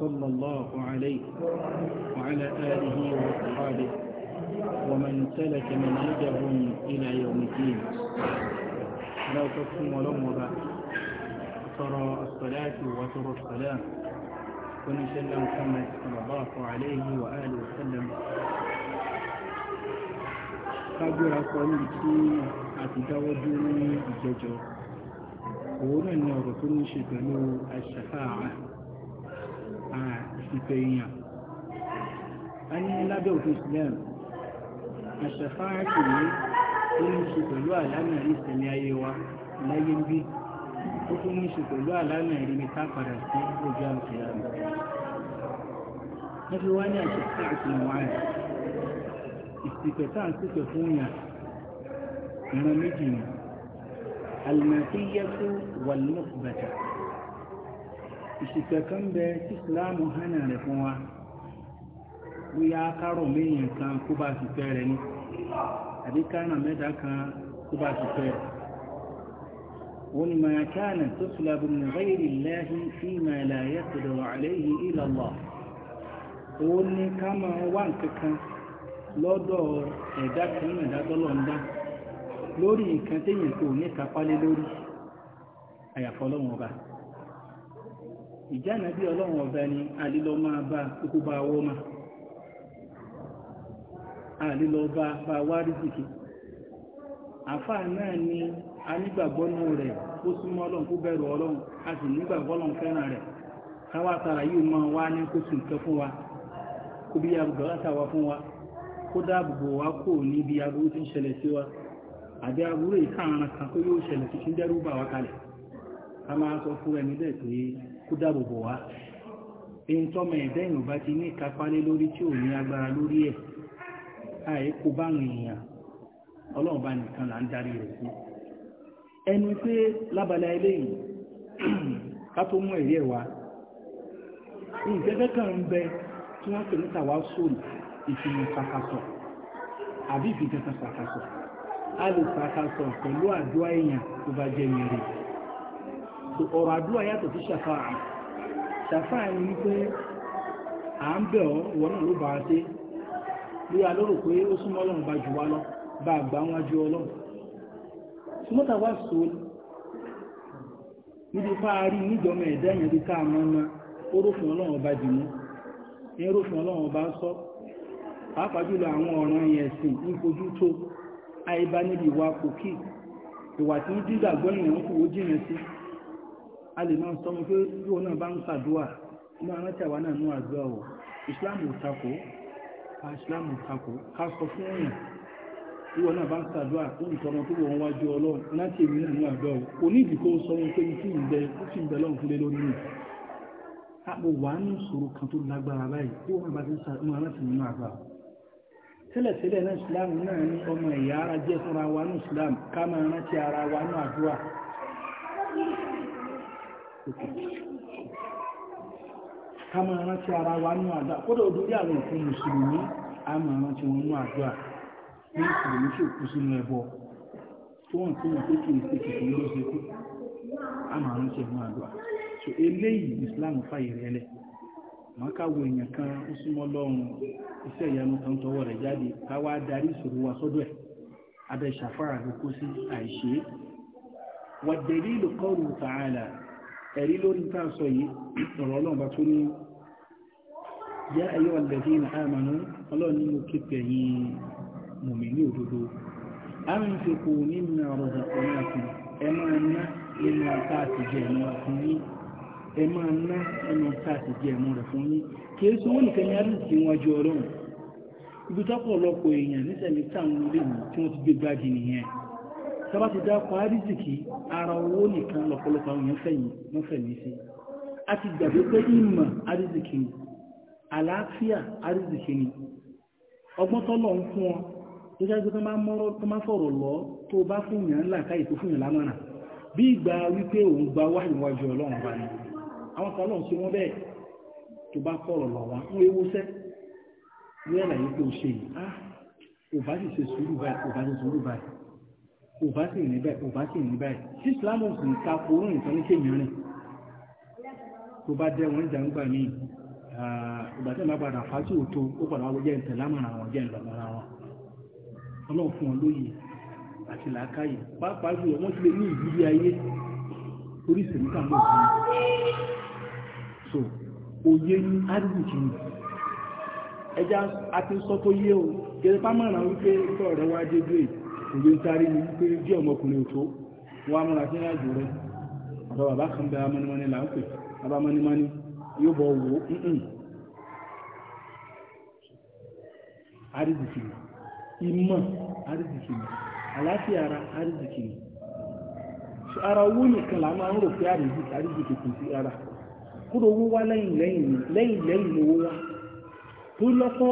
صلى الله عليه وعلى آله وصحبه ومن سلك من منهجهم إلى يوم الدين لا تقسم ولا وبعد ترى الصلاة وترى السلام ونسلى محمد صلى الله عليه وآله وسلم قبل sọ ní الججر ونن ti dáwọ́jú ní ìjẹjọ́ òun náà الشفاعة ìfẹ̀yàn a ní lábẹ́ òfin Islam àṣàfáà kìí ó ní ṣe pẹ̀lú àlànà ìsẹ̀mí ayé wa láyé ń bí ó tún ní ṣe pẹ̀lú àlànà ìrìnmi tá padà sí ojú àmìyàn wọ́n fi wá ní àṣàfáà kìí wá rẹ̀ ìsìnkẹ̀ tá à ń sìnkẹ̀ fún yàn ìran méjì ni alìmọ̀tíyẹ́tú wàlúmọ̀tìbàtà ìṣìkẹ̀ kan bẹ tí ìsìláàmù hànà rẹ̀ fún wa bóyá kárọ̀ kan kó bá ti fẹ́ ka ni àbí kárọ̀ mẹ́ta kan kó bá ti fẹ́ rẹ̀ ولما كانت تطلب من غير الله فيما لا يقدر عليه إلا الله òun ni ká máa wá nǹkankan lọ́dọ̀ ẹ̀dá kan ẹ̀dá tọ́lọ̀ ń dá lórí nǹkan téèyàn kò ní kápálé lórí àyàfọ́ ìjà nàbí ọlọ́run ọ̀bẹ ni àlílọ máa bá kókó bá wọ́ ma àlílọ bá bá wá rìsìkì àfáà náà ni a nígbàgbọ́ náà rẹ̀ ó súnmọ́ ọlọ́run kó bẹ̀rù ọlọ́run a sì nígbàgbọ́ ọlọ́run fẹ́ràn rẹ̀ káwá tara yìí máa wá ní kó fún wa kó bí abùdó látàwá fún wa kó dáàbòbò wa kò níbi aburú tí ń ṣẹlẹ̀ sí wa àbí aburú ìka àrùn kan kó yóò ṣẹlẹ̀ tuntun dẹ́rù bà wá kalẹ̀ a máa sọ fún ẹni bẹ́ẹ̀ pé kó dáàbò wá èyí tọ́mọ ẹ̀dá ti ní ìkápálé lórí tí ò ní agbára lórí ẹ̀ àì kó báwọn èèyàn ọlọ́run bá nìkan là ń darí rẹ̀ sí ẹni pé lábala eléyìí ká tó mú ẹ̀rí ẹ̀ kan ń bẹ tí wọ́n pè ní tàwa sóòlù a lè ọ̀rọ̀ àdúrà yàtọ̀ sí ṣàfáà ṣàfáà ni wípé à náà ló bá a ṣe lórí alóró pé ó súnmọ́ ọlọ́run bá jù wá lọ bá a gbà wọn ju ọlọ́run súnmọ́ta wá sọ níbi fáàrí níjọmọ ẹ̀dá yẹn bí káà mọ́ ó ọlọ́run mú ọlọ́run sọ pàápàá jùlọ àwọn ọ̀ràn a lè máa sọ pé bí wọn náà bá ń pàdúà máa rántí àwa náà nú àdúrà o ìsìláàmù ò takò ká ìsìláàmù ò takò ká sọ fún èèyàn bí wọn náà bá ń pàdúà ó ń tọrọ tó wọn wájú ọlọ́run láti èmi náà nú àdúrà o kò ní ìdíkó sọ wọn pé kí n bẹ kó sì ń bẹ lọ́run fúnlé ní ti ń òkè ká rántí ara wa nínú àdúrà kódà odori àwọn òkú mùsùlùmí a máa rántí wọn nínú àdúrà ní mùsùlùmí tí òkú sínú ẹbọ tó wọn wọn ló ṣe kú a rántí ẹnu àdúrà so eléyìí Islam fàyè ká wo èèyàn kan ó ìyanu wa ṣàfàrà ló kó ẹ̀rí lórí tá a sọ yìí ọ̀rọ̀ ọlọ́run bá tó ní yá ayọ́ alladhina amanu ọlọ́run ní mo kí tẹ̀yìn mùmínì òdodo anfiqu mimma razaqnakum ẹ máa ná a ti jẹ ẹ̀mú rẹ̀ fún yín ẹ máa ná a ti jẹ ẹ̀mú rẹ̀ fún yín kì í sọ wọ́n nìkan ní ti gbé gbági nìyẹn tọ́bá ti dá pa rízìkì ara owó nìkan lọ́pọ̀lọpọ̀ àwọn èèyàn fẹ̀yìn sí a ti gbàgbé pé ìmọ̀ àrízìkì ni àlàáfíà àrízìkì ni ọgbọ́n tọ́lọ̀ ń fún ọ tó jáde tó máa mọ́rọ́ tó máa fọ̀rọ̀ lọ tó bá fún yàn ńlá káyì tó fún yàn lámọ̀nà bí ìgbà wípé òun gba wáyé wájú ọlọ́run bá ní àwọn kan lọ́n sí wọ́n bẹ́ẹ̀ tó bá fọ̀rọ̀ lọ wá fún ewúsẹ́ wíwẹ́lá yìí tó ṣe yìí ah ò bá sì ṣe sùúrù báyìí ò bá sì ṣe sùúrù báyìí òbá sì ní bẹ́ẹ̀ òbá sì ní tí islam sì ń ta orú nǹkan ní kéèyàn rìn tó bá jẹ́ wọ́n jà ń gbà mí ìgbà tí wọ́n padà fásí òtó ó padà wọ́n jẹ́ ìtẹ̀lá mọ̀ràn àwọn jẹ́ ìlànà ara wọn ọlọ́run fún wọn lóye àti làákàyè pàápàá jùlọ wọ́n ti lè ní so òye ní ádùjì ni ẹja sọ tó yé o gẹ̀rẹ́ pàmọ́ràn wípé ìtọ́ rẹ̀ wá ìgbé sáré ní wípé bí ọmọkùnrin tó wọ́n á sí ìrìnàjò rẹ̀ ọ̀dọ̀ bàbá kan bẹ amọ́nimọ́ni là ń pè bàbá amọ́nimọ́ni yóò bọ̀ wò ó ìmọ̀ àlàáfíà ara àrídìkìrì ara owó nìkan là máa ń rò pé àrídìkìrì kò sí ara kúrò owó wá lẹ́yìn lẹ́yìn lẹ́yìn lẹ́yìn wá tó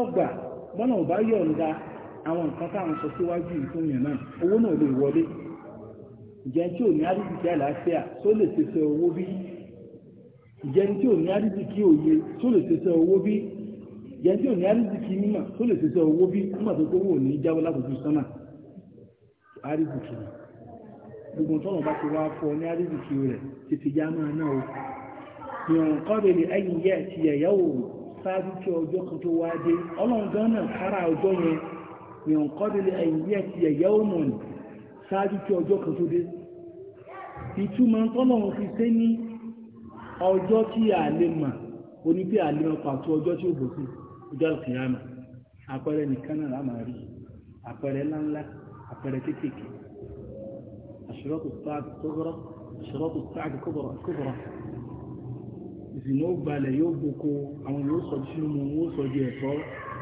àwọn nǹkan táwọn sọ síwájú ìfúnyàn náà owó náà lè wọlé ìjẹ́ tí ò ní àdìsíkí àlàáfíà tó lè ṣẹṣẹ owó bí ìjẹ́ tí ò ní àdìsíkí òye tó lè ṣẹṣẹ owó bí ìjẹ́ tí ò ní àdìsíkí mímọ̀ tó lè ṣẹṣẹ owó bí nígbà tó kówó ò ní jáwọ́ látòjú sánà àdìsíkí gbogbo tọ́nà bá ti wá fọ ní àdìsíkí rẹ̀ ti já máa náà o ìrìn kọ́bìnrin ẹ̀yìn yẹ́ ti yẹ̀yẹ́ òòrùn sáájú tí ọjọ́ kan tó wá dé ọlọ́run gan náà kára ọjọ́ yẹn min qabli an ya'tiya yawmun ṣáájú kí ọjọ́ kan tó dé ìtumọ̀ tọ́lọ̀run fi sé ní ọjọ́ tí a lè mà oní pé a lè mọ̀ pàtó ọjọ́ tí ó bò sí ọjọ́ àkìyàmà àpẹẹrẹ nìkan náà lámà rí àpẹẹrẹ ńláńlá àpẹẹrẹ kéékèèké àṣírọ́kù sáàdì kọ́bọ̀rọ̀ àṣírọ́kù sáàdì kọ́bọ̀rọ̀ ìsìn ó gbalẹ̀ yóò gboko àwọn yóò sọ sínú mu wọ́n sọ di ẹ̀tọ́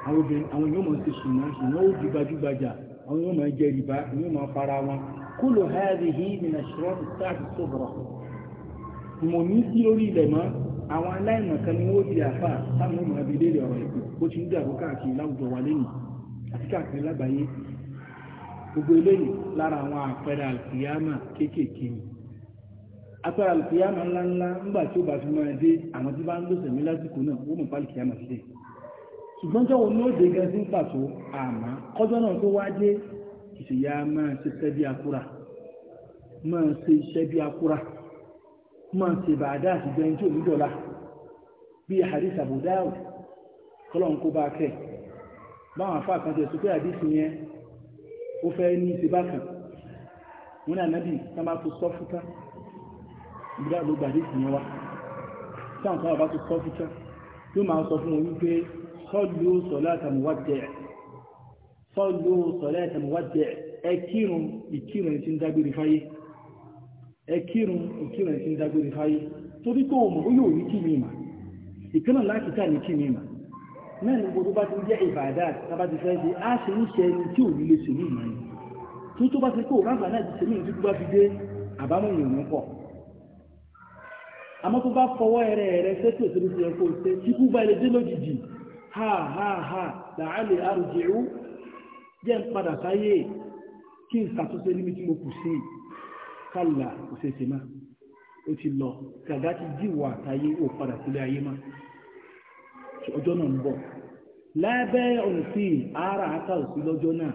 àwọn obìnrin àwọn yóò máa ti sùnà sùnà ó di gbajúgbajà àwọn yóò máa jẹ rìbá yóò máa fara wọn kúlò háàdì yìí nínú ṣọ́ ìsáàtì sọ̀rọ̀ mò ní sí lórí ilẹ̀ mọ́ àwọn aláìmọ̀ kan ni wọ́n di àfà táwọn yóò máa fi léèrè ọ̀rọ̀ ìpè ó ti ń dàrú káàkiri láwùjọ wa lẹ́yìn àti káàkiri lágbàáyé gbogbo eléyìí lára àwọn àpẹẹrẹ àlùkìyàmà kéékèèké ṣùgbọ́n jọ́wọ́ ní òde gan sí ń pàtó àmá kọjọ́ náà tó wá dé ìṣèyá máa ṣe iṣẹ́ bí akúra máa ṣe iṣẹ́ bí akúra máa ṣe bàdá àti bẹ́ńtì òmídọ́lá bí hadith Abu Dawud kọlọ́n kó bá kẹ́ báwọn afá kan jẹ́ sókè hadith yẹn ó fẹ́ ní ṣe bákan wọn náà nábì tá máa tó sọ fúta ìgbà ló gbà hadith yẹn wá táwọn tó sọ fúta yóò máa sọ fún wọn wípé sọ́lù sọ̀láta muwaddi' sọ́lù sọ̀láta muwaddi' ẹ kírun ìkírun tí ń dágbére fáyé ẹ kírun ìkírun tí ń dágbére fáyé torí kó o mọ̀ ó yóò rí kí mi mà ìkánná láti ká ní kí mi mà náà ní gbogbo bá ti jẹ́ ìbàdà tábà ti fẹ́ ṣe á ṣe ń ṣe ẹni tí ò ní lè ṣe ní ìmọ̀ ni tó tó bá ti kó rábà náà ti ṣe ní ìdúgbò bá fi dé àbámọ̀ ìròyìn pọ̀ àmọ́ tó bá fọwọ́ ẹrẹ ẹrẹ sẹ́tò tó ti ẹ̀kọ́ ṣe kíkú bá ilé dé lójijì ha ha ha làálẹ̀ àrùjẹ̀wò jẹ́ ń padà sáyé kí n ṣàtúnṣe níbi tí mo kù sí kálà òṣèṣe máa ó ti lọ gàgá ti jíwà àtàyé ò padà sílé ayé má ọjọ́ náà ń bọ̀ lábẹ́ òfin ara àtà òsí lọ́jọ́ náà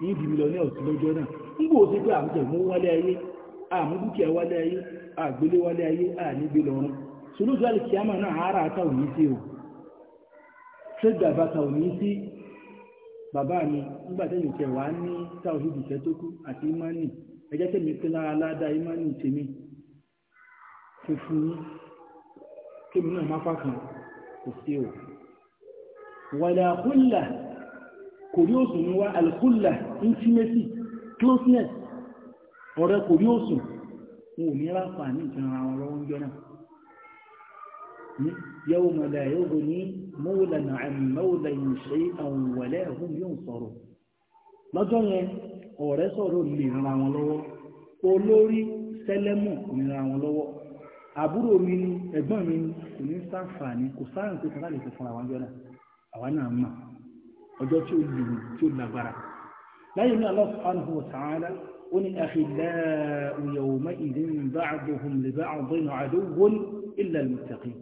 ní ìdìbò lọ ní òsí lọ́jọ́ náà ń bò sí pé àmújẹ̀mú wálé ayé àmúdúkìá wálé ayé àgbélé wálé ayé ànígbé lọ́rùn solójú àlè náà ara àtà òní sí o ṣẹ́gbà bàtà ò ní sí bàbá mi nígbà tẹ́yìn tẹ̀ wá ní tàwíìdì tẹ́ tó kú àti imani ẹjẹ́ tẹ̀mí pé lára ládá imani tèmi funfun yín kémi náà má fà kò sí o wàlà kúlà kò rí òsùn wá alkúlà intimacy closeness ọ̀rẹ́ kò rí òsùn wọn ò ní ráfà ní ìtàn ara wọn ń jọ náà يوم لا يغني مولا عن مولا شيئا ولا هم ينصرون lọ́jọ́ yẹn ọ̀rẹ́ sọ̀rọ̀ lè ràn wọn lọ́wọ́ olórí sẹ́lẹ̀mù kò ní ràn wọn lọ́wọ́ àbúrò mi ni ẹ̀gbọ́n mi ni kò ní sáǹfààní kò sáàrùn pé kàrà lè fi fún àwọn jọ́nà àwa náà mà ọjọ́ tí ó lè tí ó lágbára láyé ní Allah subhanahu wa ta'ala ó ní akhillau yawma idhin ba'duhum li ba'din aduwwun illa al-muttaqin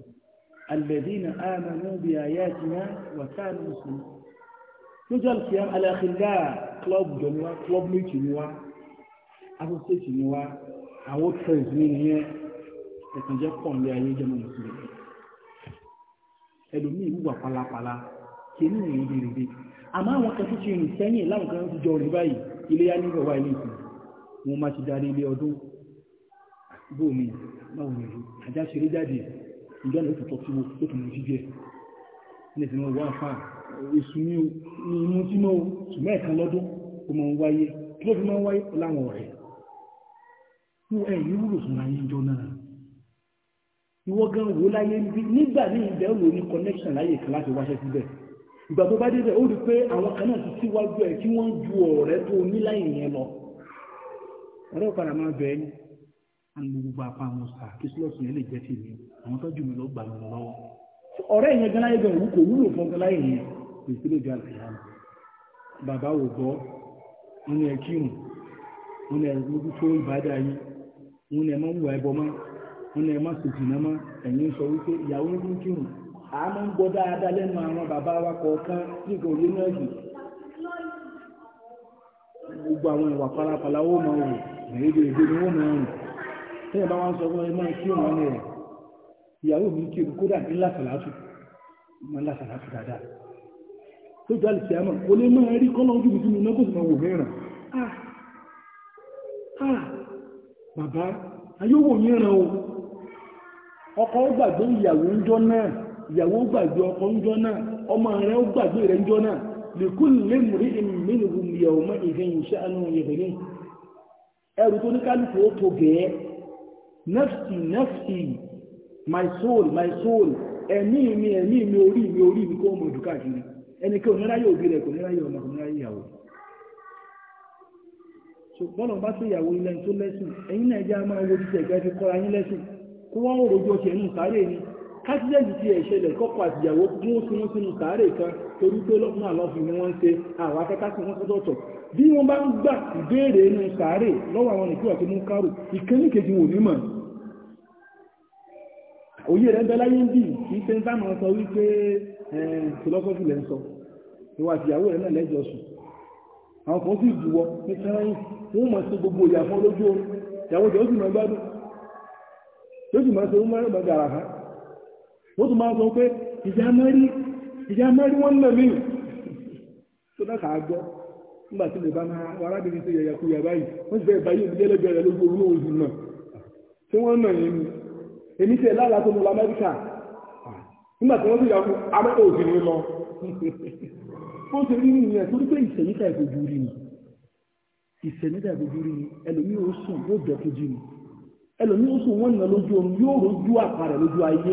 الذين آمنوا بآياتنا وكانوا مسلمين lójú àlùfíà على club jọ جنوا wá club méjì جنوا أو associate ni wá àwọn trends ní ìyẹn ẹ̀kànjẹ́ pọ̀ ní ayé jẹ́ mùsùlùmí ẹlòmíì wùwà pálapàla kí ní ìrìn dèrèdè àmọ́ àwọn kan tó ti rìn sẹ́yìn láwọn kan ti jọ rìn báyìí iléyá ní ìrọ̀wá ilé ìsìn wọn máa ti darí ilé ọdún bóòmí báwo ni àjá ṣeré jáde ìjọ́ ní òtútọ́ tí ó tó mú jíjẹ ní ìsinmi wà fáà èsù ní inú tí mọ́ ṣùgbọ́n ẹ̀kan lọ́dún ó máa ń wáyé kí ló fi máa ń wáyé láwọn ọ̀rẹ́ fún ẹ̀ ní wúlò fún ayé ìjọ náà ìwọ gan wo láyé níbi nígbà ní ìbẹ̀ ò ní connection láyé kan láti wáṣẹ́ síbẹ̀ ìgbà tó bá débẹ̀ ó rí pé àwọn kan náà ti síwájú ẹ̀ tí wọ́n ju ọ̀rẹ́ tó ní láyé yẹn lọ ọ̀rẹ́ ò padà máa bẹ̀ẹ́ ń lo gbogbo apá àwọn ọ̀sà kí sílọ̀sì yẹn lè jẹ́ sí mi àwọn tọ́jú mi lọ gbà mí lọ́wọ́ ọ̀rẹ́ yẹn gan láyé gan òun kò wúlò fún gan láyé yẹn kò sí lójú àlàyé bàbá ò gbọ́ wọn ni ẹ kírun wọn ni ẹ lójú tó ìbádà yín wọn ni ẹ má wùwà ẹbọ mọ́ wọn ni ẹ má sòtì náà mọ́ ẹ̀yin sọ wípé ìyàwó ń kírun a máa ń gbọ́ dáadáa lẹ́nu àwọn bàbá wa kọ̀ọ̀kan nígbà òye náà jù gbogbo àwọn ìwà pálapàla ó máa wò tí ẹ bá wá ń sọ fún ẹ máa kí òun ní rẹ̀ ìyàwó mi kí òun kódà ní lásàlátù máa lásàlátù dáadáa tó jẹ́ àlùfẹ́ àmọ́ kò lè máa rí kọ́lọ́ ojú ìdúnnú kò sì máa wò ah! Ah! bàbá o ọkọ gbàgbé ìyàwó ń jọ náà ìyàwó gbàgbé ọkọ ń jọ náà ọmọ ó gbàgbé ń jọ náà lè múrí ìmìnirùn mọ́ ìgbẹ̀yìn iṣẹ́ àánú ẹrù tó ní kálùkù ó tó gẹ̀ẹ́ nafsi nafsi my soul my soul ẹ̀mí mi ẹ̀mí mi orí mi orí mi kó ọmọ ìdúkà kiri ẹni kí oníráyè òbí rẹ̀ kò níráyè ọmọ kò níráyè ìyàwó so bọ́lọ̀ bá sí ìyàwó ilẹ̀ tó lẹ́sìn ẹ̀yin náà jẹ́ máa wo títẹ̀ kẹ́ fi kọ́ra yín lẹ́sìn kó wá òròjọ ṣe nù sáré ni kásídẹ̀ẹ̀tì ti ẹ̀ṣẹlẹ̀ kọ́kọ́ àtìyàwó dún sí wọn sínú sáré kan torí pé lọ́kùnrin àlọ́fin ni wọ́n ń ṣe àwọn akẹ́kọ̀ọ́ sí wọn sọ́tọ̀ọ̀tọ̀ bí wọ́n bá ń gbà ìbéèrè inú sáré lọ́wọ́ àwọn nìkú àti mú kárò ìkẹ́ni kejì wò ní mọ̀ òye rẹ̀ ń bẹ láyé ń bì kí ṣe ń sáàmù sọ wípé philosophy lẹ́ ń sọ ìwà àtìyàwó rẹ̀ náà lẹ́jọ́ sùn àwọn kan sì jùwọ́ ní sẹ́rẹ́yìn wọ́n mọ̀ sí gbogbo ìyà fún olójú oorun ìyàwó jẹ́ ó sì máa gbádùn ó sì máa ṣe wọ́n mọ̀ gàrà ká ó sì máa sọ pé ìjà mẹ́rí ìjà mẹ́rí wọ́n nà mí tó náà kàá gbọ́ nígbà tí lè bá máa arábìnrin tó yẹ̀yà kú yà báyìí wọ́n sì fẹ́ ìbáyé òbí jẹ́lẹ́gbẹ̀rẹ̀ lójú oorun òun sì náà tí wọ́n nà yẹn ni èmi tẹ̀ lára tó lọ amẹ́ríkà nígbà tí wọ́n sì yà fún amẹ́ríkà òsì lọ fún ti rí nìyẹn torí pé ìṣẹ̀yíta ìbojú rí ni ìṣẹ̀yíta ìbojú rí ni ẹlòmí ó sùn yóò jẹ́ ni ẹlòmí ó sùn wọ́n nà lójú oorun yóò rójú àpàrẹ̀ lójú ayé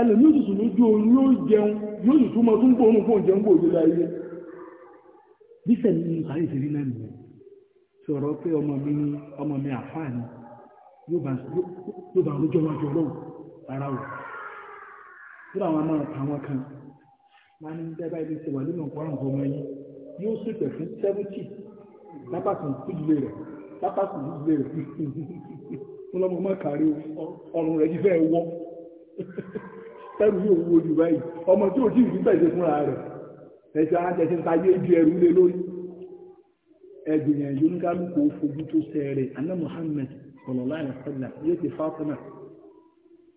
ẹlòmí ó sùn lójú oorun yóò jẹun yóò sì túmọ̀ tó ń gbóòórùn fún òjẹun gbòòjò ayé bí sẹ́yìn ní ìparí ìṣẹ̀rí náà nìyẹn sọ̀rọ̀ pé ọmọ mi ni ọmọ mi yóò bá lójọ́ wájú ọlọ́run ara wọ̀ fúra àwọn máa àwọn kan máa ní dẹ́gbà ilé ṣe wà nínú ọ̀pọ̀ ọmọ yìí yóò ṣètò fún sẹ́fúntì lápapọ̀ ìdílé rẹ̀ lápapọ̀ ìdílé rẹ̀ fún lọ́mọ máa kàrí ọrùn rẹ̀ jífẹ́ wọ́ ẹrù yóò wo jù báyìí ọmọ tí ò tí ì fi bẹ̀ẹ̀ ṣe fúnra rẹ̀ ẹ̀ṣẹ̀ ajẹ́sẹ̀ ta yé ju ẹrù lé lórí ẹgbìyànjú ní kálukú fojú tó sẹ́ẹ̀rẹ̀ aná sallallahu alaihi wasallam yóò pe Fatima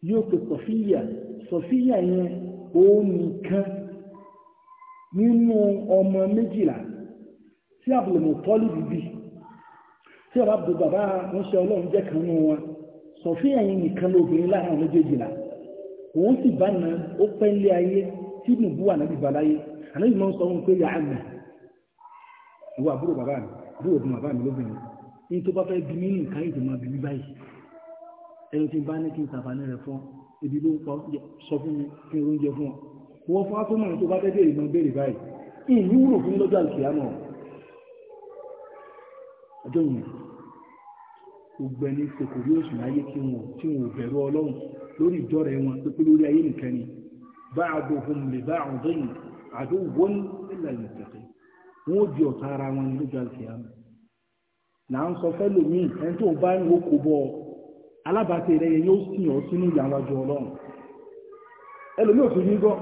yóò pe Sọfíyà Sọfíyà yẹn òun nìkan nínú ọmọ méjìlá tí Abdulmuttalib bíbí tí ọba bàbá wọn ṣe ọlọ́run jẹ́ kan nù wọn Sọfíyà yẹn nìkan lóbìnrin láàrin méjèèjìlá òun sì bá na ó pẹ́ lé ayé tí nùbú ànábì bá láyé ànábì máa ń sọ wọn pé yà á nà ìwọ àbúrò bàbá mi àbúrò bàbá mi lóbìnrin ní tó bá fẹ́ bí nínú nǹkan yìí tó máa bí báyìí ẹni tí bá ní kí n sàfàní rẹ̀ fún ibi ló ń pa sọ fún mi kí n oúnjẹ fún ọ wọ́n fún atọ́mọ̀ tó bá fẹ́ béèrè máa béèrè báyìí ìní wúrò fún lọ́jọ́ àlùkìyàmọ̀ ọjọ́ yẹn gbogbo ẹni kòkò rí oṣù láyé tí wọn tí wọn ò bẹ̀rù ọlọ́run lórí ìjọ rẹ̀ wọn pé lórí ayé nìkan ni bá àdó ohun lè bá àwọn ọ̀dọ́ yìí àdó wọ́n nílẹ̀ ìmọ̀tẹ̀tẹ̀ wọn ó di ọ̀tá ara wọn lójú àlùkìyàmọ̀ na ń sọ fẹ́ lòmíì ẹni tó bá ń wo kò bọ̀ rẹ yẹn yóò sìn sínú ìyàwájú ọlọ́run ẹlòmíì ò fi ní gọ́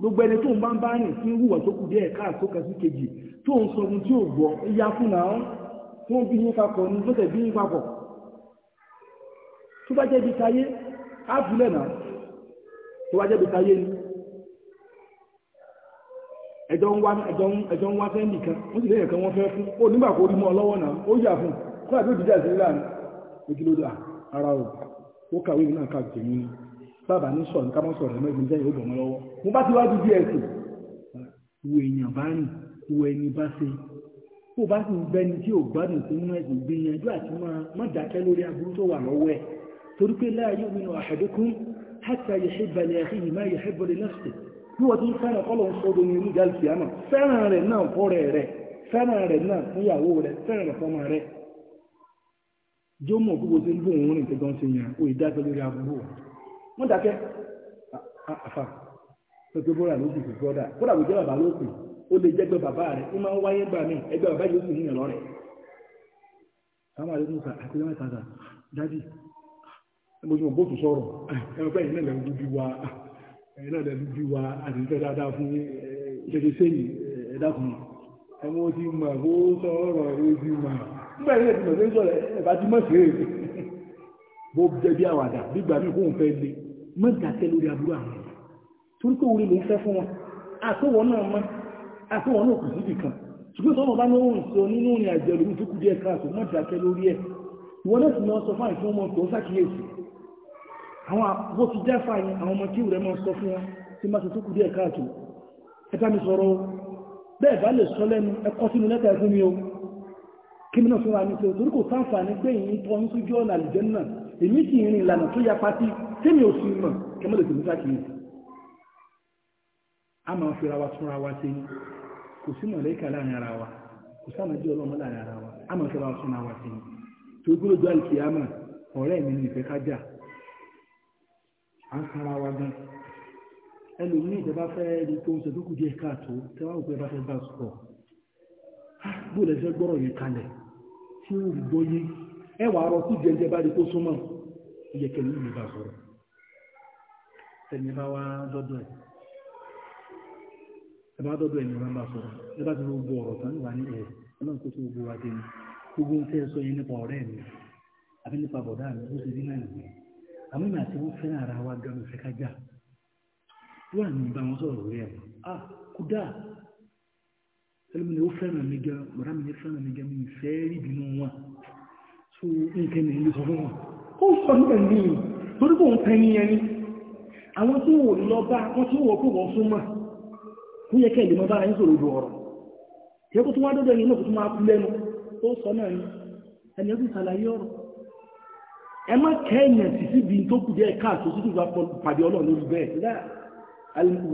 gbogbo ẹni tó ń bá ń bá rìn sí wùwà tó kù kejì tó ń sọ tí ò gbọ fún bí yín ní bí yín ẹjọ́ ń wá ẹjọ́ ń wá fẹ́ nìkan wọ́n sì lè yẹ̀kan wọ́n fẹ́ fún ó nígbà kó rí mọ́ lọ́wọ́ náà ó yà fún kó àbí òjìjà sí láàrin ojú ló dà ara o ó kàwé náà ká tèmi ni bàbá ní sọ̀rọ̀ ní ká mọ́ sọ̀rọ̀ mẹ́rin jẹ́ ìwé bọ̀mọ́ lọ́wọ́ mo bá ti wá dúdú ẹ̀sìn wo èèyàn bá rìn wo ẹni bá ṣe ó bá sì ń bẹni tí ò gbádùn sí inú ẹ̀sìn gbìyànjú àti máa má dákẹ́ lórí aburú tó wà lọ́wọ́ ẹ̀ torí pé láàyè òmìnira àṣàdékún hátà yẹ̀ṣẹ́ balẹ̀ àṣìyí má yẹ̀ṣẹ́ lọ́sẹ̀ bí wọ́n ti ń fẹ́ràn kọ́ ló ń sọ́dọ̀ ní oníjà ìfìyàmọ̀ fẹ́ràn rẹ̀ náà fọ́rẹ̀ rẹ̀ fẹ́ràn rẹ̀ náà fún ìyàwó rẹ̀ fẹ́ràn rẹ̀ fọ́mọ rẹ̀ jó mọ̀ bí wọ́n ti ń bó òun rìn tẹ́gbọ́n sí yàn ó ìdájọ́ lórí aburú wọn dákẹ́ àfà pẹ̀pẹ́ bọ́ra ló sì fi bọ́dà bọ́dà kò jẹ́ bàbá ló sì ó lè jẹ́gbẹ́ bàbá rẹ̀ ó máa ń wáyé gbà mí ẹgbẹ́ bàbá yóò sì níyàn lọ́rẹ̀ sáwọn àdéhùn sà àti ẹgbẹ́ mẹ́ta sà dájì ẹgbẹ́ òṣùwọ̀n bó tún sọ̀rọ̀ ẹgbẹ́ yìí náà lẹ́nu ẹ̀yìn náà lẹ́nu bí wa àdìsẹ́ dáadáa fún ṣẹṣẹ sẹ́yìn ẹ̀dá kan ẹmọ ti mọ̀ bó sọ̀rọ̀ ẹ̀rọ ti mọ̀ nígbà yẹn ti mọ̀ sí sọ̀rọ̀ ẹ̀bá ti mọ̀ sí èrè bó jẹ́ bí àwàdà gbígbà mí kóun fẹ́ le mọ̀ dàkẹ́ lórí aburú àwọn torí kó orí ló ń fẹ́ fún wọn àtọwọ́ náà mọ́ àtọwọ́ náà kù síbì kan ṣùgbọ́n tọ́wọ́ bá ní òun sọ nínú ìrìn àjẹ̀lú tó kù díẹ̀ káàtó mọ̀ dàkẹ́ lórí ẹ̀ ìwọ náà sì máa sọ fáìfún ọmọ tó ń àwọn àpò ti jáfà yẹn àwọn ọmọ kí rẹ̀ máa sọ fún wọn tí máa tuntun kù díẹ̀ káàtó ẹ̀ka mi sọ̀rọ̀ bẹ́ẹ̀ bá lè sọ lẹ́nu ẹkọ́ sínú lẹ́tà ẹ̀fún mi o kí mi náà fúnra tó torí kò sáǹfà pé èyí tọ́ ń sí tẹ́mi ò sí wa túnra wa sí kò sí mọ̀lẹ́kà láàrin ara wa kò sáà wa a máa fi ra wa túnra wa sí torí gbọ́dọ̀ à ń kára wa gan ẹlòmíì ìjọba fẹ́ ẹni tó ń sọdúkù díẹ̀ káàtó tẹ́wàá òpin bá fẹ́ bá sọ̀rọ̀ ah, bó lè fẹ́ gbọ́rọ̀ yẹn kalẹ̀ tí ó rí gbọ́yé ẹwà rọ sí jẹjẹ bá rí kó súnmọ́ ìyẹ̀kẹ̀ ní ìlú bá sọ̀rọ̀ ẹ̀yìn bá wá dọ́dọ̀ ẹ̀ ẹ bá dọ́dọ̀ ẹ̀yìn bá sọ̀rọ̀ ẹ bá ti gbogbo ọ̀rọ̀ tán wà ní ẹ̀ ọlọ́run kó tó gbogbo wa dé ni gbogbo ń tẹ́ sọ yẹn nípa ọ̀rẹ́ mi àbí nípa bọ̀dá mi ó ti rí náà nìyẹn àmì mi àti wọ́n fẹ́ràn ara wa gan fẹ́ ká jà wọ́n àmì ìbá wọn sọ̀rọ̀ rẹ̀ à kúdà ẹlẹ́mi ni ó fẹ́ràn mi gan mọ̀rá mi ni fẹ́ràn mi gan mi fẹ́ rí ìbínú wọn tó nǹkan ní ìlú sọ fún wọn ó sọ nígbà ní torí kò ń tẹ́ ní ẹni àwọn tí wò lọ bá wọn tí wò kó wọ́n fún mọ̀ ó yẹ kẹ́ ẹ̀ lè mọ bára yín sọ̀rọ̀ ju ọ̀rọ̀ yẹ kó tó wá dọ́dọ̀ yín náà kó tó máa kú lẹ́nu ó sọ náà ni ẹni ó ẹ má kẹ́yìn sí síbi tó kù jẹ́ káàtó títí wà pàdé ọlọ́run lórí bẹ́ẹ̀ lá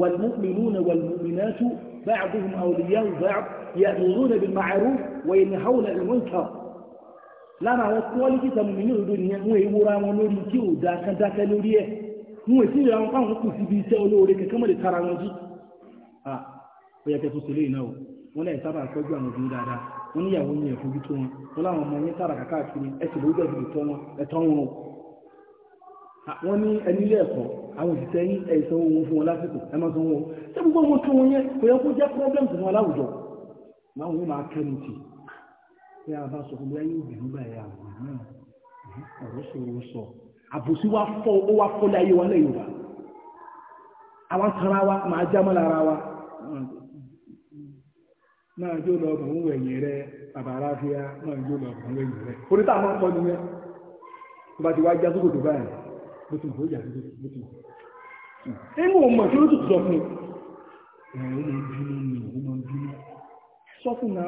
والمؤمنون والمؤمنات بعضهم أولياء بعض يأمرون بالمعروف وينهون عن المنكر lára àwọn kọ́líkì tàbí ní òdò nìyẹn wọ́n èyí wúra wọn lórí tí ò dá kántákẹ́ lórí ẹ̀ wọ́n èsì ìrìn àwọn fáwọn kù síbi iṣẹ́ olóore kẹ́kẹ́ mọ́ lè tara wọn jí wọ́n níyàwó ní ẹ̀fọ́jú tó wọn wọ́n láwọn ọmọ yẹn tààrà káàkiri ẹ̀sìn lójú ẹ̀sìn ìtọ́ wọn ẹ̀tọ́ wọn o. wọ́n ní ẹni ilé ẹ̀kọ́ àwọn òṣìṣẹ́ yín ẹ̀sán owó fún wọn lásìkò ẹ máa san owó ṣé gbogbo wọn tó wọn yẹn kò yẹ kó jẹ́ problem fún wọn láwùjọ. máa wọn máa kẹ́nu tì pé a bá sọ fún bóyá yóò bẹ̀rù bá ẹ̀yà náà ọ̀rọ̀ sọ̀rọ̀ sọ àbòsí wa fọ́ ó wá fọ́ láyé wa lẹ́yìn wa àwọn sanra wa máa já mọ́ lára wa máa jó lọ bọ̀ ń wẹ̀yìn rẹ bàbá aláfíà máa jó lọ bọ̀ ń wẹ̀yìn rẹ orí tá a máa ń kọ́ nìyẹn tó bá ti wá já sókòtò báyìí bó ti mọ̀ ó jà sókòtò bó ti mọ̀ ẹ̀mú ò mọ̀ tí ó tutù sọ fún ẹ̀ ó máa ń bínú ni ó máa ń bínú sọ fún náà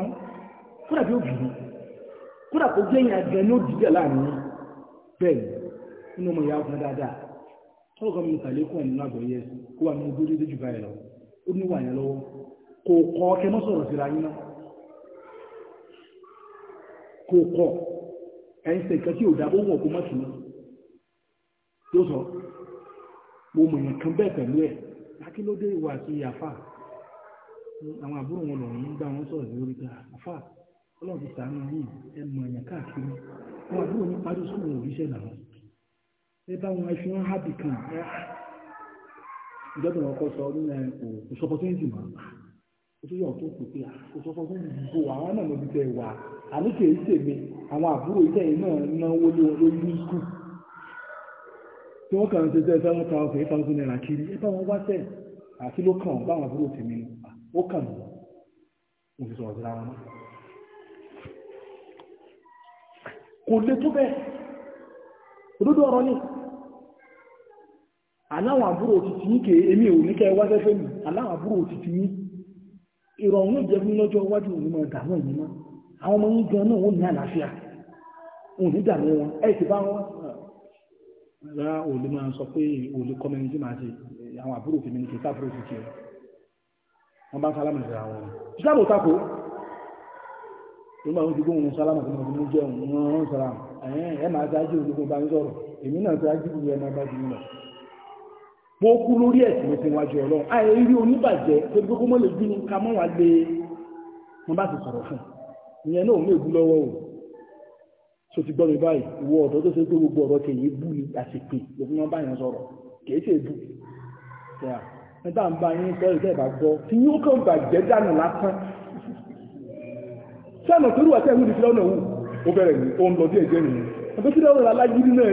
kódà bí ó bínú kódà kó jẹ́ ìyá gan ni ó dìgbà láàrin bẹ́ẹ̀ ni inú ọmọ ìyá ọkùnrin dáadáa tọ́lọ́kọ́ mi kàlékùn ẹ̀ nínú àgbọ̀yẹ kó wà ní ojú ojú jù báyìí lọ ó ní wà yẹn lọ́wọ́ kò kọ́ kẹ mọ́ sọ̀rọ̀ síra yín náà kò kọ́ ẹ̀yìn nǹkan tí ò dábò wọ̀ kó tó sọ mo mọ̀ kan bẹ́ẹ̀ pẹ̀lú ẹ̀ ìwà àti àfà àwọn àbúrò wọn lọ̀rọ̀ ń gbá wọn sọ̀rọ̀ lórí ga àfà ọlọ́run ti sàánú yìí ẹ mọ̀ yàn káàkiri àwọn àbúrò parí òríṣẹ́ làwọn ẹ bá wọn wọn sọ nítorí ọ̀n tó pè pé àkóso ah, fún gbogbo àwọn náà lóbi tẹ̀ wà àní kì í tèmi àwọn àbúrò iṣẹ́ yìí náà náwó lé lórí ní tí wọ́n kàn ń ṣe sẹ́ẹ̀ seven thousand eight thousand naira kiri ẹ bá wọn wá sẹ́ẹ̀ àti ló kàn báwọn àbúrò tèmi ah, ó kàn mí mo fi sọ̀rọ̀ síra wọn mọ́. kò lè tó bẹ́ẹ̀ òdodo ọ̀rọ̀ ni aláwọ̀ àbúrò òtítì yín kè é èmi ò ní kẹ́ wá sẹ́fẹ́ mi aláwọ̀ àbúrò òtítì yín ìrọ̀rùn ló jẹ́ fún lọ́jọ́ iwájú òun mọ̀ dàmú ẹ̀yìn mọ́ àwọn ọmọ yín gan náà wọ́n ní àlàáfíà òun ní dàmú wọn ẹ̀ sì bá wọn. rárá òòlù máa sọ pé òòlù kọ́mẹ́ntì máa ṣe àwọn àbúrò kìíní kìí sáfúrò sí tiẹ̀ wọ́n bá sálámà sí àwọn ọmọ ìsìlámù tako tó máa ń fi gbóhùn sálámà tó máa fi mú jẹun wọ́n rán sálámà ẹ̀ máa ṣáájú òòlù bó kú lórí ẹ̀sìn ẹ̀sìn wájú ọlọ́run ààrẹ rí oníbàjẹ́ tó gbogbo mọ́ lè gbínú ká mọ́ wá lé wọn bá ti sọ̀rọ̀ fún ìyẹn náà mú ègbú lọ́wọ́ o so ti gbọ́mi báyìí ìwọ ọ̀dọ́ tó ṣe pé gbogbo ọ̀rọ̀ tẹ̀ yìí bú ni àsìkò lókun wọn bá yẹn sọ̀rọ̀ kìí ṣe bú ẹ bá ń bá yín sọ ìṣe ìbá gbọ́ tí yóò kàn bàjẹ́ dànù lásán sẹ́nu torí wà sẹ́yìn ìdílé ọ̀nà wù ó bẹ̀rẹ̀ ní ó ń lọ díẹ̀ díẹ̀ nìyẹn àbẹ́sílẹ̀ ọ̀rọ̀ alágídí náà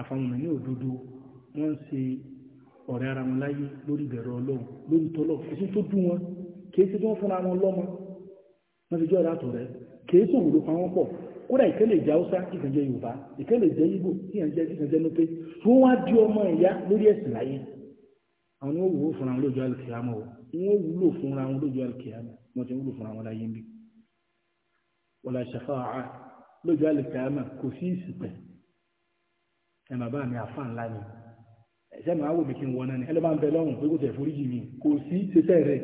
àfàwọn ní òdodo wọ́n ń ṣe ọ̀rẹ́ ara wọn láyé lórí ìbẹ̀rẹ̀ ọlọ́run lórí tọ́lọ̀ ẹ̀sìn tó dùn wọn kìí ṣe tó ń fúnra wọn lọ́mọ wọ́n ti jọ́ ìlà àtọ̀rẹ́ kìí sùn òdo pa wọn pọ̀ kódà ìkẹ́lẹ̀ ìjà haúsá ìkànjẹ́ yorùbá ìkẹ́lẹ̀ ìjẹ́ yíbò ìkànjẹ́ ìkànjẹ́ nípe tó wá di ọmọ ìyá lórí ẹ̀sìn láyé àwọn ni wọ́n wúlò fúnra wọn lójú alìkìyàmọ̀ wọ́n wúlò fúnra wọn lójú alìkìyàmọ̀ wọ́n ti wúlò fúnra wọn láyé ń bí wọ́n la ṣàfáà lójú alìkìyàmọ̀ kò sí ìsìnkẹ́ ẹ bàbá mi àfa ńlá ni ẹsẹ mi àwọ̀ mi kí n wọ náà ni ẹlọ́ba ń bẹ lọ́hùn pé kò tẹ̀ foríjì mi kò sí ṣiṣẹ́ rẹ̀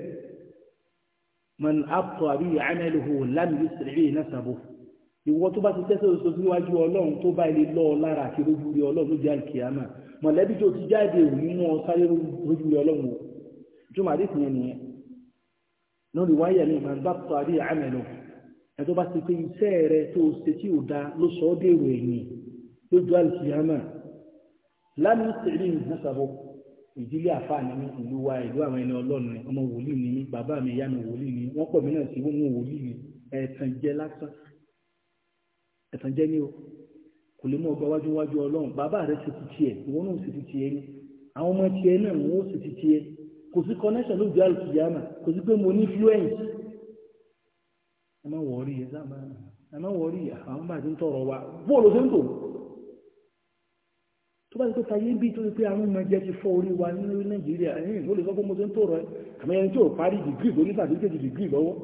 man apọ̀ àbí àmẹ́lòhò lámì ìṣẹ̀lẹ̀ nasabu ìwọ tó bá ti tẹ́sẹ̀ oṣù síwájú ọlọ́run tó bá ilé lọ́ọ́ lára àti lójú rí ọlọ́run ló jẹ́ àlùkìyàmà mọ̀lẹ́bí tó ti jáde òní mọ́ ọ sáré lójú rí ọlọ́run o jùmọ̀ àdéhùn yẹn nìyẹn lórí wáyà mi man apọ̀ àbí àmẹ́lòhò ẹ̀ tó bá ti pé iṣẹ́ rẹ̀ tó ṣe tí ò da ló sọ ọ́ dèrò ẹ̀yìn lójú àlùfíàmà lánàá tẹ̀lé ìhásàbọ̀ ìdílé àfààní ní ìlú wa ìlú àwọn ẹni ọlọ́run ni ọmọ wòlíì ni mí bàbá mi ìyá mi wòlíì ni wọ́n pọ̀ mí náà sí wọ́n mú wòlíì ni ẹ̀tàn jẹ lásán ẹ̀tàn jẹ ní o kò lè mú ọgbà wájú wájú ọlọ́run bàbá rẹ̀ sì ti tiẹ̀ ìwọ náà sì ti tiẹ̀ ni àwọn ọmọ tiẹ̀ náà wọ́n sì ti tiẹ̀ kò sí connection lójú àlùfíàmà kò sí pé mo ní fluence ẹ má wọrí ẹ sáà má ẹ má wọrí àwọn bàjẹ́ ń tọrọ wa bóòlù tó ń tó bá ti pé tayé bí tó ti pé àwọn ọmọ ẹjẹ ti fọ orí wa ní nàìjíríà ẹ̀yìn ó lè sọ pé mo ti ń tó rọ ẹ àmọ́ ẹni tí ò parí dìgírì tó ní sàdéjèjì dìgírì lọ́wọ́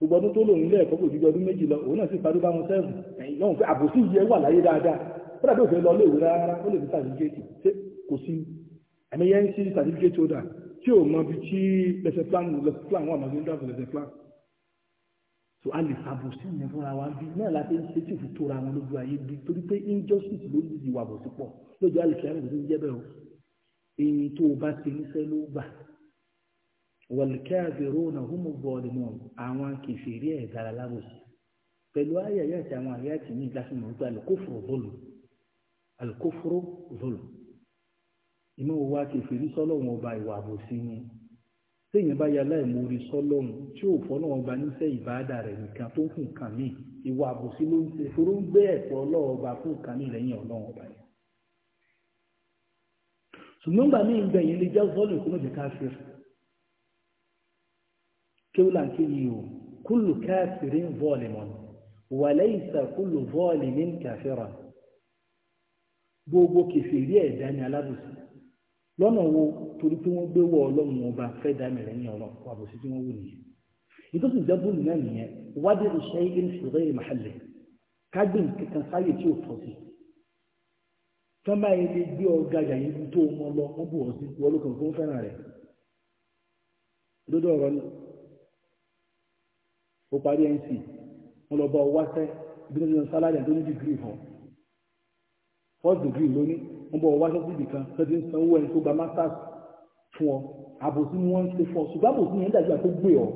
gbogbo ọdún tó lòun lẹ́ẹ̀kọ́ kò jùlọ ọdún méjì lọ òun náà sì parí bá wọn sẹ́ẹ̀fù ẹ̀yìn náà pé àbòsí yẹ wà láyé dáadáa ó dàbí òfin lọ léèwé rárá ó lè fi sàdéjèjì ṣé kò sí àmì yẹn ń sí so a lè fàbùsí yẹn fúnra wa bí náà la fi ń ṣe tí òfin tóra wọn lójú ayé bí torí pé injustice ló ń di ìwà bọ̀ sí pọ̀ lójú àlùkí àwọn òṣèlú jẹ́ bẹ́ẹ̀ o èyí tó o bá ṣe níṣẹ́ ló gbà wọ̀lùkẹ́ àbẹ̀rọ náà húmọ̀ bọ́ọ̀lù náà àwọn kìfìrí ẹ̀ dára lábòsí pẹ̀lú ayé ayé àti àwọn ayé àti ní ìdásímọ̀ wípé alùkófòrò bọ́ọ̀lù alùkófòrò bọ́ọ̀lù téèyàn bá yà láìmórí sọ́lọ́run tí ò fọ́ náà gba níṣẹ́ ìbáàdà rẹ̀ nìkan tó kù kàn mí ìwà àbòsí ló ń ṣe foró ń gbé ẹ̀tọ́ ọlọ́run ọba kù kàn mí lẹ́yìn ọlọ́run ọba yẹn. ṣùgbọ́n gbà mí ìgbà yẹn lè já sọ́ọ̀lù kó lóde káfíìr kéwù là yìí o kúlù káfíìrì vọ́ọ̀lì mọ́ wà lẹ́yìn sà kúlù vọ́ọ̀lì ní káfíìrà lọ́nà wo torí pé wọ́n gbé wọ ọlọ́run ọba fẹ́ dá mẹ́rẹ̀ ní ọlọ́run wà bó sí tí wọ́n wù nìyẹn ìtòsí jábùlù náà nìyẹn wádìí ìṣe ilé ìṣòro ìmàlẹ̀ kágbìn kankan sáyè tí ò tọ́ sí tọ́mbà yẹn lè gbé ọ̀gá yàyí tó mọ́ lọ wọ́n bù ọ́ sí wọ́n lókàn fún fẹ́ràn rẹ̀ lódò ọ̀rọ̀ ni ó parí nc wọ́n lọ bá ọ wáṣẹ́ bí wọ́n ti sọ ń bọ̀ wá sọ́sì ibì kan tó ti ń sanwó ẹni tó gba masters fún ọ àbòsí ni wọ́n ń ṣe fún ọ ṣùgbọ́n àbòsí yẹn dàgbà tó gbé ọ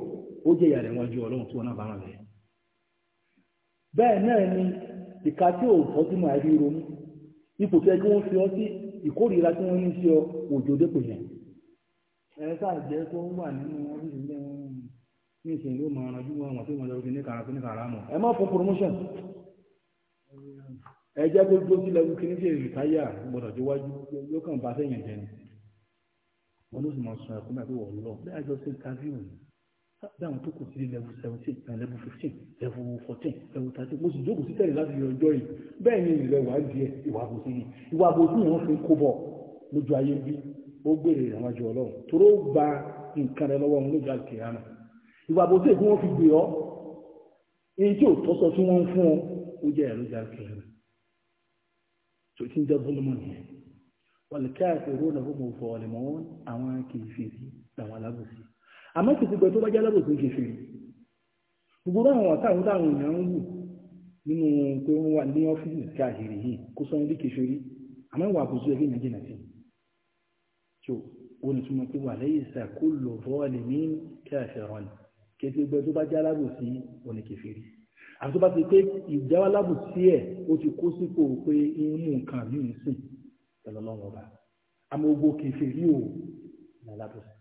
ó jẹ́ ìyàrá ìwọ̀n ju ọlọ́run tí wọ́n náà bá wọn rẹ̀. bẹ́ẹ̀ náà ni ìka tí ò tọ́ sínú àìrí ronú ipò tó yẹ kí wọ́n fi ọ sí ìkórìíra tí wọ́n ní ṣe ọ òjò dépò yẹn. ẹ sáà jẹ́ tó wà nínú ọ́fíìsì ilé wọn ní ìsìn yóò máa ranjú wọn wọn tí wọn lọ fi ní kàrà fi ní kàrà mọ́ ẹ ẹjẹ́ tó dúró sílẹ̀ wí kí ní ṣe rìtáyà gbọ́dọ̀ tó wájú yóò kàn bá sẹ́yìn jẹ ni wọn ló sì máa sun ẹkún náà pé wọ́n lọ bí àjọ ṣe ń káfí òní dáhùn tó kù sí level seventeen and eh, level fifteen level fourteen level thirteen mo sì jókòó sí tẹ̀lé láti yọ ọjọ́ yìí bẹ́ẹ̀ ni ìrẹ̀ wá di ẹ̀ ìwà àbòsí yìí ìwà àbòsí yìí wọ́n fi kó bọ̀ lójú ayé bí ó gbèrè àwọn àjọ ọlọ́run toró gba nǹkan rẹ lọ́wọ́ wọn lójú àkèyàn ìwà àbòsí yìí wọ́n fi gbé ọ èyí tí ò tọ́sọ tí wọ́n ń fún ọ ó jẹ́ ẹ̀ lójú àkèyàn tó ti ń jẹ́ bọ́lọ́mọ̀ nìyẹn wọ́n lè káàkiri owó náà fún òfò ọ̀lẹ̀mọ́ àwọn kèfèrí làwọn alábòsí àmọ́ kì í ti gbẹ tó bá jẹ́ alábòsí kèfèrí gbogbo àwọn ọ̀tá àwọn táwọn èèyàn ń wù nínú pé wọ́n wà ní ọ́fíìsì káàkiri yìí kó sọ ní kèfèrí àmọ́ ìwà àbòsí ẹgbẹ́ ìyẹn jìnà sí so ó ní túnmọ̀ pé wà lẹ́yìn ìsàkólò fọ́ọ̀lì ní kẹfẹ̀rọ̀ àti tó bá ti pé ìjáwá lábùsí ẹ̀ ó ti kó sípò pé ń mú nǹkan míì sìn pẹ̀lú ọlọ́run ọba àmọ́ gbogbo kẹfẹ́ rí o ní alábùsí.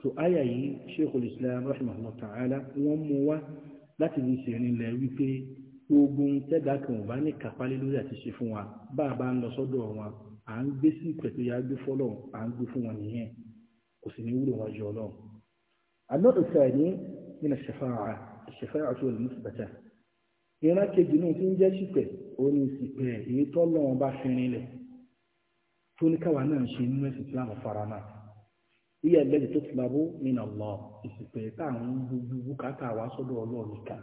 tó àyà yìí Sheikhul Islam rahimahullah ta'ala wọ́n mú wá láti fi ṣèrìn lẹ̀ wípé gbogbo tẹ́gà kan ò bá ní kàpálẹ́ lórí àti ṣe fún wa bá a bá ń lọ sọ́dọ̀ wọn à ń gbé sí ìpẹ́ tó yá gbé fọ́lọ́ à ń gbé fún wọn nìyẹn kò sì ní wúlò wọn jọ ọlọ́run. àlọ́ ìfẹ́ ash-shafa'atu al-muthbatah ìran kejì náà tí ń jẹ́ ṣìpẹ̀ òun ni ìsìpẹ̀ èyí tó lọ́wọ́n bá fi rinlẹ̀ tó ní káwa náà ṣe nínú ẹ̀sìn Islam fara náà iye ẹgbẹ́ni tó tilabó min Allah ìsìpẹ̀ táwọn gbogbo bùkátà wá sọ́dọ̀ Ọlọ́run nìkan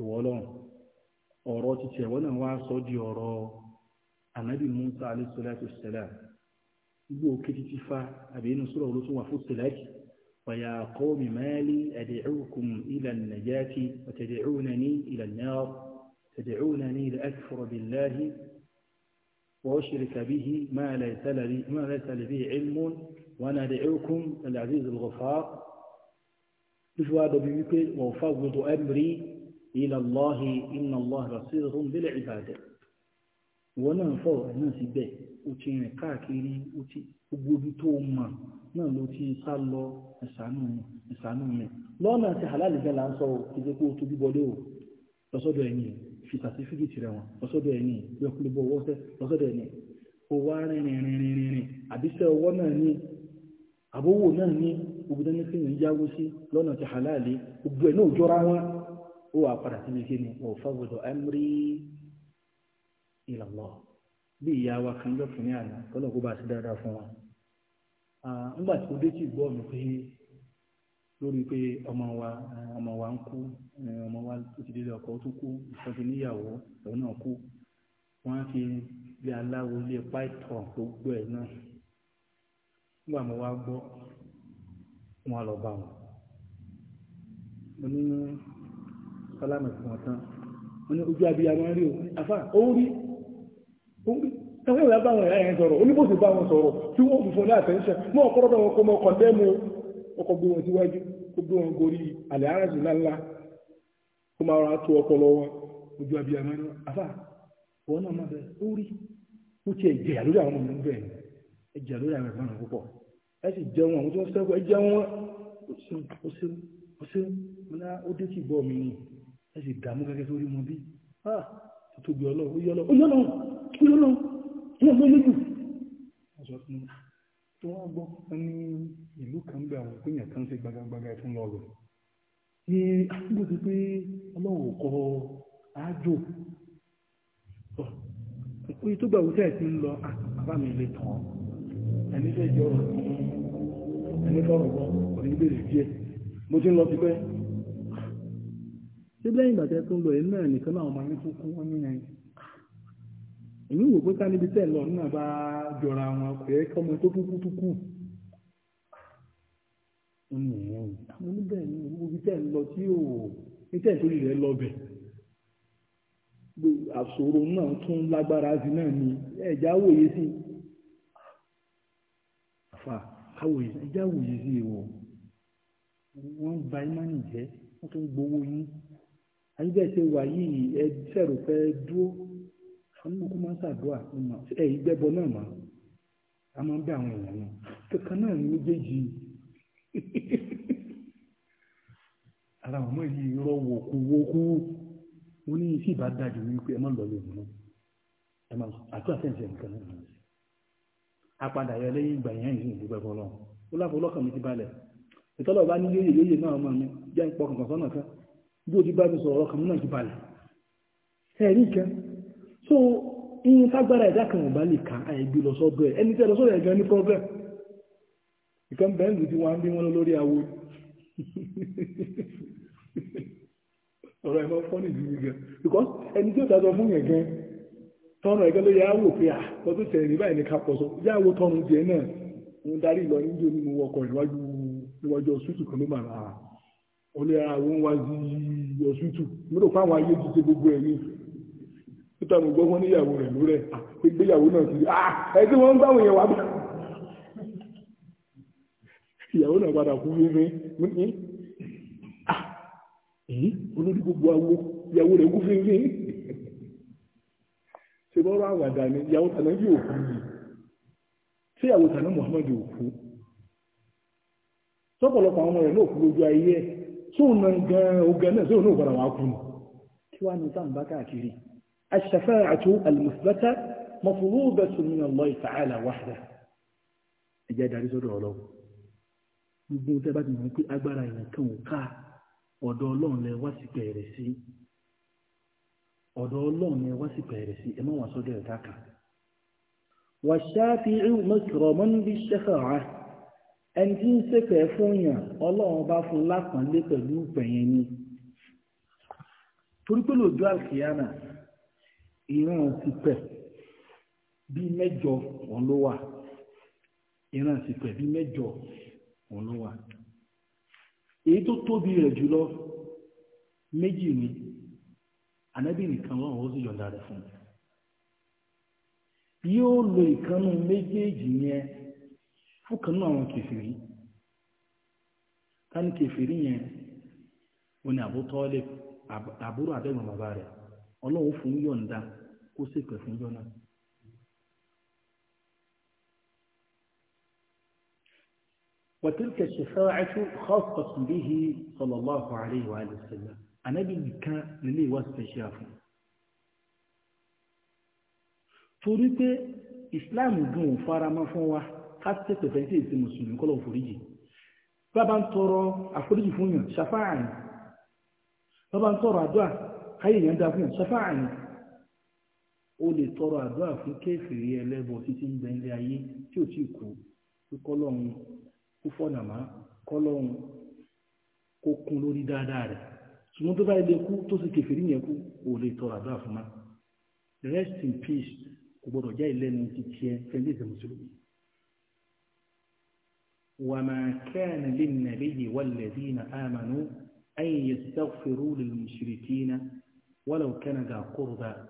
ìwọ Ọlọ́run ọ̀rọ̀ títí ẹ̀wọ́n náà wá sọ di ọ̀rọ̀ anabi Musa alayhi salatu wassalam gbogbo òkè títí fa àbí inú sọ̀rọ̀ olóṣùwà fún sẹlẹ̀kì ويا قوم ما لي أدعوكم إلى النجاة وتدعونني إلى النار تدعونني لأكفر بالله وأشرك به ما ليس لي ما ليس لي علم وأنا أدعوكم العزيز الغفار بجواب بيك وأفوض أمري إلى الله إن الله بصير بالعبادة وأنا وننفو الناس به وتين قاكري وتين gbogbo ibi tó mọ̀ náà ló ti sá lọ ẹ̀sánú mi ẹ̀sánú mi lọ́nà àti àlàlì gẹ́la ń sọ ìdí pé o tóbi bọlé o lọ́sọ́dọ̀ ẹ̀yìn fi sàtífíkìtì rẹ̀ wọ̀n lọ́sọ́dọ̀ ẹ̀yìn bí ọkùnrin bọ̀ wọ́sẹ̀ lọ́sọ́dọ̀ ẹ̀yìn o wá rìnrìn rìnrìn rìnrìn àbíṣẹ́ ọwọ́ náà ní àbówò náà ní gbogbo dání fi ń yáwó sí lọ́nà àti àlàlì gbogbo ẹ̀ náà jọra wọn ó wà padà sí mi kí ni wọ́n fọwọ́dọ̀ amri ila Allah bí ìyá wa kan jọ kìíní àná kọ́lọ̀ kó bá ṣe dáadáa fún wa nígbà tí ó dé tí gbọ́ mi pé lórí pé ọmọ wa ọmọ wa ń kú ọmọ wa tó ti délé ọkọ tó kú ìtọ́jú níyàwó òun náà kú wọ́n á fi bí aláwo ilé python tó gbọ́ ẹ̀ náà nígbà mo wá gbọ́ wọn lọ bá wọn mo ní sálámù fún wọn tán mo ní ojú abiyamọ rí o afa ó rí àwọn ìlà bá wọn ẹ̀yà yẹn sọ̀rọ̀ oníbòsì bá wọn sọ̀rọ̀ tí wọ́n fi fún ní àtẹ́ńṣẹ́ mọ́ ọ̀pọ̀lọpọ̀ àwọn ọkọ̀ ọkọ̀ dẹ́mu ọkọ̀ gbé wọn síwájú kó gbé wọn gorí àlẹ́ aráàlú ńláńlá kó máa ra tó ọpọlọ wọn ojú abiyamọ náà àfà wọn náà má bẹ ó rí ó tiẹ̀ jẹ̀yà lórí àwọn ọmọ bẹ́ẹ̀ ẹ jẹ̀yà lórí àwọn ẹ̀gbọ́n púpọ̀ ẹ sì jẹun àwọn tó ń sẹ́kọ̀ ẹ jẹun wọn ó sẹ́wọ́n ó sẹ́wọ́n ó sẹ́wọ́n ó dé sí ìbọn mi ni ẹ sì dààmú tóbi ọlọ́run ó yọ́lọ́run ó yọ́lọ́run ó yọ́lọ́run ó lójú ọjọ́ tó wọ́n gbọ́ ní ìlú kan bẹ àwọn ìpínyà kan sí gbagagbaga ìfún lọ́rọ̀ ní àgbò ti pé ọlọ́run kọ ájò pé tó gbà wúṣẹ́ ti ń lọ ah, bàbá mi lè tàn ẹni fẹ́ jọ ọ̀rọ̀ ẹni fẹ́ ọ̀rọ̀ ọ̀rọ̀ ìbéèrè díẹ̀ mo ti ń lọ sí pẹ́ tí lẹ́yìn ìgbà tẹ́ tó ń lọ ẹ̀ náà nìkan náà ọmọ yín tó kún ní nàìjíríà èmi wò pé ká níbi tẹ́ lọ náà bá jọra wọn kò yẹ kọ́mọ tó kúkú tó kù àwọn oníbẹ̀ ni ibi tẹ́ lọ tí ò ní tẹ́ tó lè lọ àṣòro náà tún lágbára sí náà ni ẹ̀já wòye sí àfà káwòye ẹ̀já wòye sí ìwọ̀ wọ́n gba imáni jẹ́ wọ́n tún gbowó yín àyíbẹ̀ ṣe wà yìí ẹ sẹ̀rù fẹ́ dúró àwọn ọmọ kó máa ń ṣàdúrà ẹ ìgbẹ́bọ náà mọ́ a máa ń bẹ àwọn èèyàn náà kankan náà ní méjèèjì ara àwọn ọmọ yìí rọ wòkúwòkú wọn ní sí ìbá dájú wípé ẹ má lọ lè mú ẹ má àti àtẹ̀sẹ̀ nǹkan náà nìyẹn apadà yọ lẹ́yìn ìgbà yẹn yìí ìlú bẹ́ẹ̀ fọlọ́ ó láfọlọ́kàn mi ti balẹ̀ ìtọ́lọ̀ bá ní yóyè yóyè náà ọmọ mi jẹ́ ń pọkàn kan sọ́nà kan bí o ti bá mi sọ̀rọ̀ ọkàn náà ti balẹ̀ ẹ̀rí kan so iyin tágbára ẹ̀dá kan ò bá lè ka àìgbé lọ sọ́dọ̀ ẹ̀ ẹni tẹ́ lọ sọ́dọ̀ ẹ̀gán ní problem ìkan bẹ́ẹ̀ lù tí wọ́n á bí wọ́n lórí awo ọ̀rọ̀ ẹ̀mọ́ fọ́nì ìdí gan because ẹni tí ó dájọ́ fún yẹn gan tọ́nà ẹ̀gán ló yẹ á wò pé à lọ́dún tẹ̀lé báyìí ní ká pọ̀ sọ yá wo tọ́nu jẹ náà ń darí lọ níjó nínú ọkọ̀ ìwájú ọsùn ó ní àwọn ah, wa di ọ̀ṣútù mo rò fáwọn ayé ti ṣe gbogbo ẹ̀ ní níta mo gbọ́ wọn níyàwó rẹ̀ ló rẹ̀ ìgbéyàwó ah, náà ah, ti ẹ tí wọ́n ń gbáwọn yẹn wá bá ìyàwó náà padà kú fífi ní hmm? èyí olórí gbogbo awo ìyàwó rẹ̀ kú fífi ṣe bọ́rọ̀ àwàdà ni ìyàwó tàná yóò kú yìí ṣé ìyàwó tàná Muhammadu kú sọ́pọ̀lọpọ̀ àwọn ọmọ rẹ̀ náà kú lójú ayé ẹ̀ sóun náà gan ogan náà sóun náà gbọ́dọ̀ wá kú ni kí wàá ní sáà bá káàkiri aṣ-ṣafā'atu al-muthbata mafrūḍatun min Allāhi ta'ālā wahdahu ẹjẹ darí sọ́dọ̀ Ọlọ́run gbogbo tẹ bá ti mọ̀ pé agbára èèyàn kan ò ká ọ̀dọ̀ Ọlọ́run lẹ wá sí pẹ̀rẹ̀ sí ọ̀dọ̀ Ọlọ́run lẹ wá sí pẹ̀rẹ̀ sí ẹ má wà sọ́dọ̀ ẹ̀dá kan wàṣáfi mẹsìrọmọ níbi ṣẹfẹ rẹ ẹni tí ń ṣèpẹ̀ fún yàn ọlọ́run bá fún lápọ̀nlé pẹ̀lú pẹ̀yẹn ni torí pé lójú àkíyànà ìran ti pẹ̀ bí mẹ́jọ wọn ló wà ìran ti pẹ̀ bí mẹ́jọ wọn ló wà èyí tó tóbi rẹ̀ jùlọ méjì ni ànábì nìkan lọ́run ó sì yọ̀ǹda rẹ̀ fún yóò lo ìkànnù méjèèjì yẹn fún náà àwọn kèfèrí ká ní yẹn wọn ni Abu Talib àbúrò àbẹ́gbọ̀n bàbá rẹ̀ ọlọ́wọ́ fún yọ̀ǹda kó sì pẹ̀ fún yọ̀ǹda. وتلك الشفاعة خاصة به صلى الله عليه وآله وسلم Ànábì nìkan nílé وصف ṣe àfún إسلام دون Islam dùn fara ká tètè fẹ́ sí èsì mùsùlùmí kọ́ lọ́wọ́ foríjì bàbá ń tọrọ àforíjì fún yàn ṣàfáàní bàbá ń tọrọ àdúrà káyè yàn dá fún yàn ṣàfáàní ó lè tọrọ àdúrà fún kéfìrí ẹlẹ́bọ títí ń bẹ ilé ayé tí ò tí kú kọ́ lọ́hún kó fọ́nà má kọ́ lọ́hún kó kún lórí dáadáa rẹ̀ ṣùgbọ́n tó bá tó sì kèfèrí yẹn kú ò lè tọrọ àdúrà fún ma rest in peace kò gbọdọ̀ já ìlẹ́nu ti tiẹ̀ fẹ́ndé ìṣẹ́ mùsùlùmí وما كان للنبي والذين آمنوا أن يستغفروا للمشركين ولو كان ذا قربا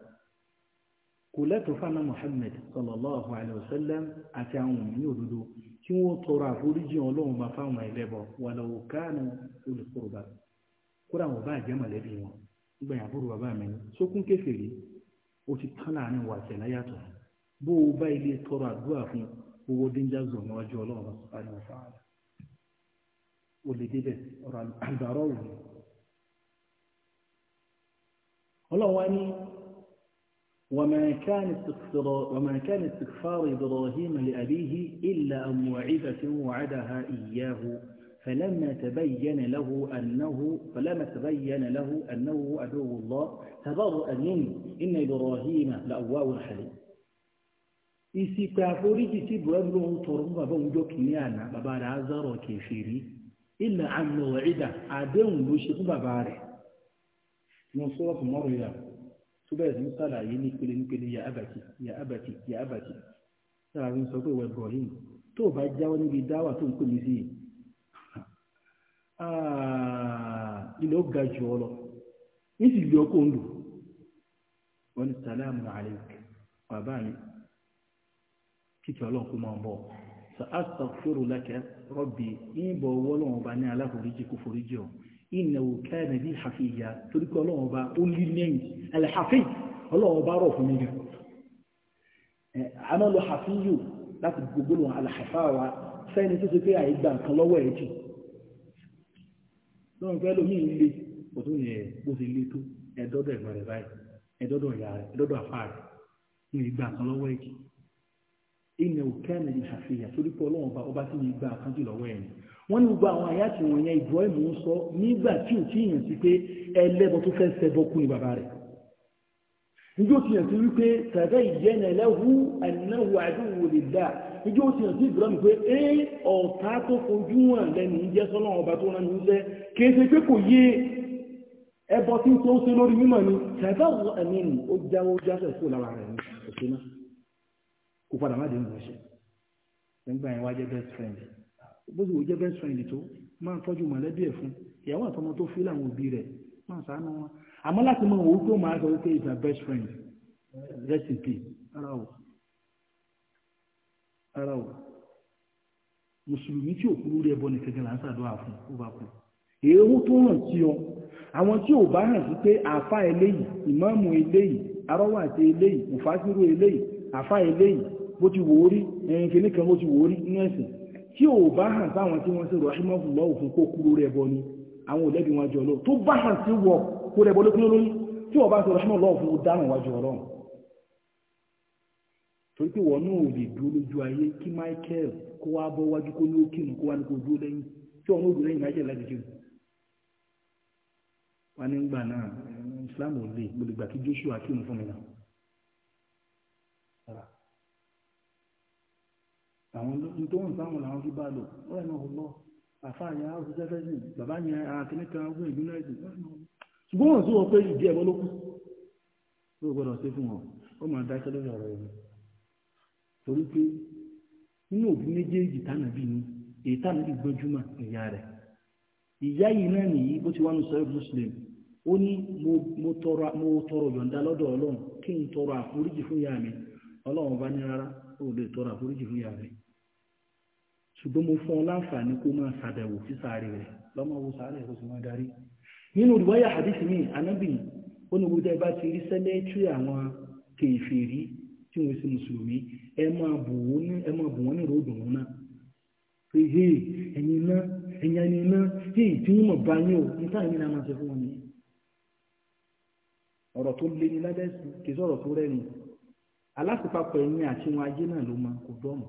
كلا تفعل محمد صلى الله عليه وسلم أتعون من يهدو كيو ترى الله ما فهم إليه ولو كان ذا قربا كلا وبا جمع لبيه وبا يعبر وبا من سكون كفيري وتتنعني واتنا ياتو بو بايلي ترى دوافين owó danger zone níwájú ọlọ́run subhanahu wa ta'ala o lè débẹ̀ ọ̀rọ̀ àgbàrọ̀ wò وما كان استغفار إبراهيم لأبيه إلا أن موعظة وعدها إياه فلما تبين له أنه فلما تبين له أنه عدو الله تبرأ منه إن إبراهيم لأواه حليم ìsìnkú àforíjì tí ibrahim ló ń tọrọ fún bàbá òun jọ kìíní àná bàbá rẹ̀ azọrọ kẹfìrí ìlà àmì ọ̀ẹ́dà àdéhùn ló ṣe fún bàbá rẹ̀ wọn sọ̀rọ̀ fún mọ́rọ̀ yà túbẹ̀ ní sàlàyé ní pele ní pele yà abàtì yà abàtì yà abàtì sára ń sọ pé ìwà ibrahim tó o bá jáwọ́ níbi dáwà tó ń pè mí sí i ilé ó ga jù ọ lọ ní sì lè ọkọ̀ ń lò wọn ni sàlámù alayk bàbá mi. kíkẹ́ ọlọ́run kó máa ń bọ̀ ìbọ̀ ọba ní aláforíjì foríjì ọ̀ hafi torí pé ọlọ́run ọba ó alhafi ọlọ́run ọba rọ̀ fún mi àmọ́ lọ gbogbo alhafa wa sẹ́ni tó ti pé àìgbà nǹkan lọ́wọ́ ẹ̀ jù ìnà òkè ànàdì àfihàn torí pé ọlọ́run ọba ọba tí mi gba àkáǹtì lọ́wọ́ ẹ̀ ni wọ́n ní gbogbo àwọn àyàtì wọn yẹn Ibrahim ń sọ nígbà tí ò tí yàn sí pé ẹlẹ́bọ tó fẹ́ ṣẹbọ kú ni bàbá rẹ̀ níjó ti yàn sí wípé tàbí ìyẹnà lẹ́hu ànáwó àdúgbò lè dà níjó ti yàn sí Ibrahim pé é ọ̀tá tó fojú hàn lẹ́nu jẹ́ sọ́nà ọba kó padà má dé nǹkan ṣe nígbà yẹn wá jẹ́ best friend bó ti wò jẹ́ best friend tó máa tọ́jú mọ̀lẹ́bí ẹ̀ fún ìyàwó àtọmọ tó fi láwọn òbí rẹ̀ máa ṣàánú wọn àmọ́ láti mọ òun tó máa sọ wípé is my best friend recipe ara o ara o mùsùlùmí tí òkú lórí ẹbọ ní kẹkẹ là ń ṣàdúrà fún ó bá kú èéwú tó hàn sí ọ àwọn tí ò bá hàn sí pé àáfà eléyìí ìmáàmù eléyìí arọ́wà àti eléyìí mùfásírù eléyìí àáfà eléyìí mo ti wò ó rí ẹ̀yìn kìíní kan mo ti wò ó rí inú ẹ̀sìn tí ò bá hàn sáwọn tí wọ́n sí rahimahullah òfin kó kúrò rẹ̀ bọ ni àwọn òlẹ́bí wọn jọ tó bá hàn sí kó rẹ̀ lórí tí wọ́n bá sọ lọ́wọ́ fún ó dáhùn torí pé wọ́n náà ò lè dúró lójú ayé kí Michael kó wá bọ́ wájú kó ní ó kírun kó tí wọ́n lẹ́yìn àwọn tó ń sáwọn làwọn fi bá lò wọ́n ẹ̀nà ọ̀lọ́ àfáàyà áwùsù sẹ́fẹ́sì bàbá yẹn àkíní kan wọ́n ìlú náà ṣùgbọ́n wọ́n sì wọ́n pé ìdí ẹ̀bọ́ ló kù gbọ́dọ̀ sí fún wọn ó máa dáṣẹ́ lórí ọ̀rọ̀ ẹ̀mí torí pé nínú òbí méjèèjì tánàbí ni èyí tánàbí ìyá rẹ̀ ìyá yìí náà nìyí bó ti wá ní muslim ó ní mo tọrọ yọ̀ǹda lọ́dọ̀ ọlọ́run kí n tọrọ àforíjì fún ìyá mi ọlọ́run bá ní rárá ó lè ṣùgbọ́n mo fún ọ láǹfààní kó máa ṣàbẹ̀wò sí sáré rẹ̀ lọ́mọ wo sáré kó sì darí nínú ìwáyà àdìsí mi anábì ó ní gbogbo ẹgbà ti rí sẹ́lẹ́tírì àwọn kèfèrí tí wọ́n sì mùsùlùmí ẹ máa bù wọ́n ní ròdùn wọn náà pé hé ẹ̀yin iná ẹ̀yin ẹni iná hé tí wọ́n mọ̀ bá yín o ní táyà nínú àmà ṣe fún wọn ni ọ̀rọ̀ tó lé ní lábẹ́sì kì í sọ̀rọ̀ tó rẹ́rìn alásìpapọ̀ ẹ̀yin àti wọn ajé náà ló máa kó dọ́mọ̀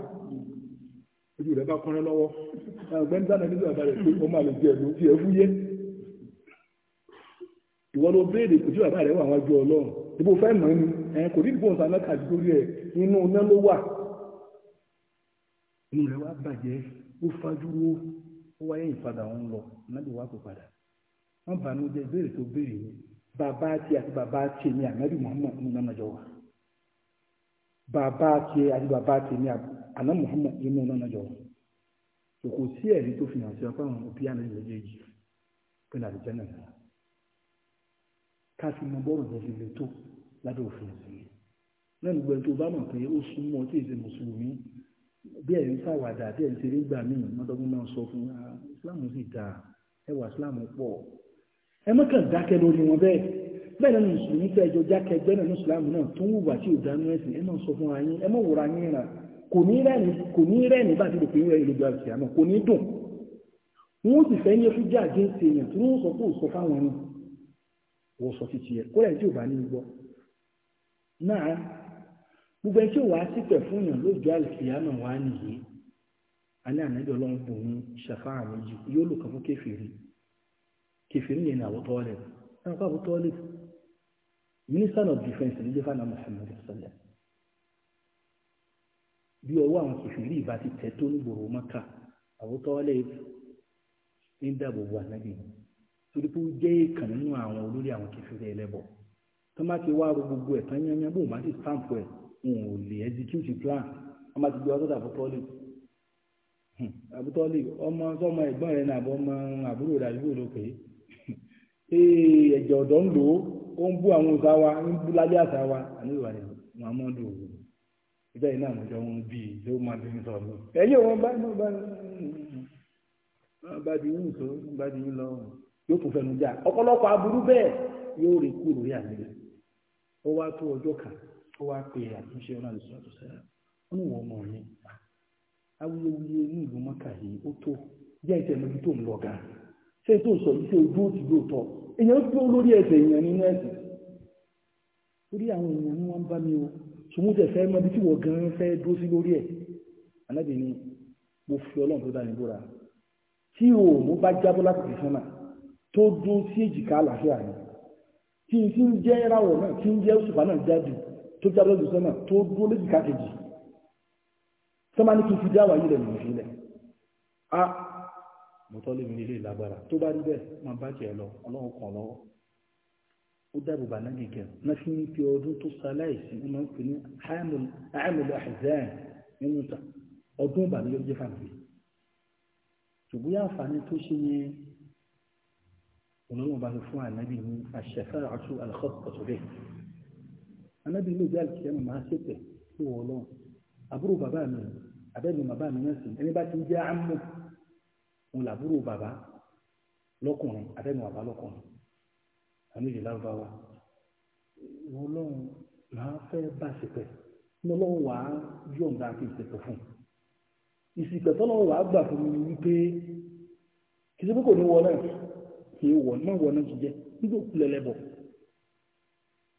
ojú rẹ̀ bá kọ́rán lọ́wọ́ ọgbẹ́ni sáà nígbà bàbá rẹ̀ pé ó máa lè jẹ ẹ̀lú ojú ẹ̀ fúyẹ́ ìwọ ló béèrè kò sí bàbá rẹ̀ wà wájú ọlọ́run ìbò fẹ́ mọ̀ ni ẹ̀ kò ní ìbòhùn sàmẹ́ kàdúgbò rẹ̀ inú iná ló wà inú rẹ̀ wá bàjẹ́ ó fajúwó ó wáyé ìpadà òun lọ nábì wá kó padà wọ́n bànú jẹ́ ìbéèrè tó béèrè ni bàbá tiẹ̀ àti bàbá tiẹ̀ ni ànábì Muhammad ní nàmàjọ wa bàbá tiẹ̀ àti bàbá tiẹ̀ ni àbúrò Ana Muhammad inú náà jọ kò sí ẹ̀rí tó fi hàn sí ọpá àwọn òbí àná méjèèjì pẹ̀lú àdìjẹ́ náà ká fi mọ bọ́ọ̀rù yẹn fi lè tó lábẹ́ òfin ìsìn náà nígbà tó bá mọ̀ pé ó súnmọ́ tí èsì mùsùlùmí bí ẹ̀ ń ṣàwàdà bí ẹ̀ ń ṣeré gbà míì mọ́tọ́gbọ́n máa ń sọ fún Islam ah, sì dáa ẹwà Islam pọ̀ ẹ mọ́kàn dákẹ́ lórí wọn bẹ́ẹ̀ bẹ́ẹ̀ lẹ́nu mùsùlùmí tẹ́ ẹjọ́ jákẹ́ náà tó ń wùwà tí ò dánú ẹ̀sìn ẹ máa sọ fún ara yín ẹ máa wòrà yín rà kò ní rẹ́ni kò ní rẹ́ni bá ti rò pé ń rẹ ìlójú àti àmọ́ kò ní dùn wọ́n sì fẹ́ ní ẹfújá àgéǹsì èèyàn tí wọ́n sọ pé ò sọ fáwọn ẹni wọ́n sọ títí ẹ̀ kọ́lẹ̀ tí ò bá ní gbọ́ náà gbogbo ẹni tí ò wá sípẹ̀ fún èèyàn lójú àlùfíàmọ̀ wá nìyí alẹ́ ànájọ́ ló ń ní ṣàfáà méjì yóò lò kàn fún kẹfìrí kẹfìrí yẹn ní àwòtọ́ọ̀lẹ̀ náà àwòtọ́ọ̀lẹ̀ minister of defence ní jẹ́fà náà Muhammad sallallahu bí ọwọ́ àwọn kòfìrí ìbá ti tẹ̀ tó nígboro mọ́kà àwòtọ́ lè ní dáàbò bo ànábì torí pé ó jẹ́ ìkàn nínú àwọn olórí àwọn kẹfìrí ẹlẹ́bọ tó má ti wá ro gbogbo ẹ̀ tán yányán bó má sì stamp ẹ̀ n ò lè execute plan wọ́n má ti gbé ọtọ́dà àbútọ́lì àbútọ́lì ọmọ sọmọ ẹ̀gbọ́n rẹ̀ nàbọ̀ ọmọ àbúrò rẹ̀ àdúgbò ló pè é ẹ̀jẹ̀ ọ̀dọ́ ń lò ó ń bú àwọn òṣà wa ń bú lálẹ́ àṣà wa àníwá ni Muhammadu òwúrọ̀. ọ iná àmọ́jọ wọn bí i ló máa bí ń sọ mí wọn bá ní ọba bá di yín sọ bá di yín lọ yóò tún fẹnu já ọ̀pọ̀lọpọ̀ aburú bẹ́ẹ̀ yóò rí kú lórí àlejò ó wá tó ọjọ́ kan ó wá pe àtúnṣe ọ̀nà àdìsọ́ ní wọ́n mọ̀ ní awuyewuye ní ìlú mọ́kà yìí ó ṣùgbọ́n tẹ̀ fẹ́ mọ́bí tí wọ́n gan fẹ́ dúró sí lórí ẹ̀ anábì ni mo fi ọlọ́run tó dá ní búra tí òòmù bá jábọ́ láti fi sánà tó dún sí èjìká àlàáfíà ni tí n ti ń jẹ́ ìràwọ̀ náà tí ń jẹ́ òṣùpá náà jáde tó jábọ́ lójú sánà tó dún léjìká kejì sọ́mà ní kí n fi dá wàyí rẹ̀ mọ̀ sílẹ̀ a ah, mọ̀tọ́ lè mi nílé ìlágbára tó bá rí bẹ́ẹ̀ máa bá jẹ́ lọ ọlọ́run kan lọ́wọ́ ó dáàbò bà náà nìkan náà fi ń pe ọdún tó ṣaláìsí wọn máa ń pè ní àmìlò àìsàn nínú ta ọdún ìbànújẹ́ jẹ́ fàmìlì ṣùgbọ́n àǹfààní tó ṣe yẹn olóńgbò bá lọ fún ànábì ní àṣẹfẹ́ àtú àlùkọ́sọ̀tò bẹ́ẹ̀ ànábì ló jẹ́ àlùkìyàmù máa ṣètẹ̀ sí wọ́n lọ́wọ́ àbúrò bàbá mi abẹ́nu bàbá mi náà sì ẹni bá ti jẹ́ àmú òun làbúrò bàbá lọ́kùnrin abẹ́nu bàbá lọ́kùnrin àmì ìjìlá bá wa wọn lọ́run máa fẹ́ bá ṣèpẹ́ ní ọlọ́run wà á yọ̀ǹda àti ìṣẹ̀pẹ̀ fún ìṣìpẹ̀ tọ́lọ́run wà á gbà fún mi wípé kì í ṣe pé kò ní wọ náà kì í wọ náà wọ náà ti jẹ nígbà òkúlẹ̀ lẹ́bọ̀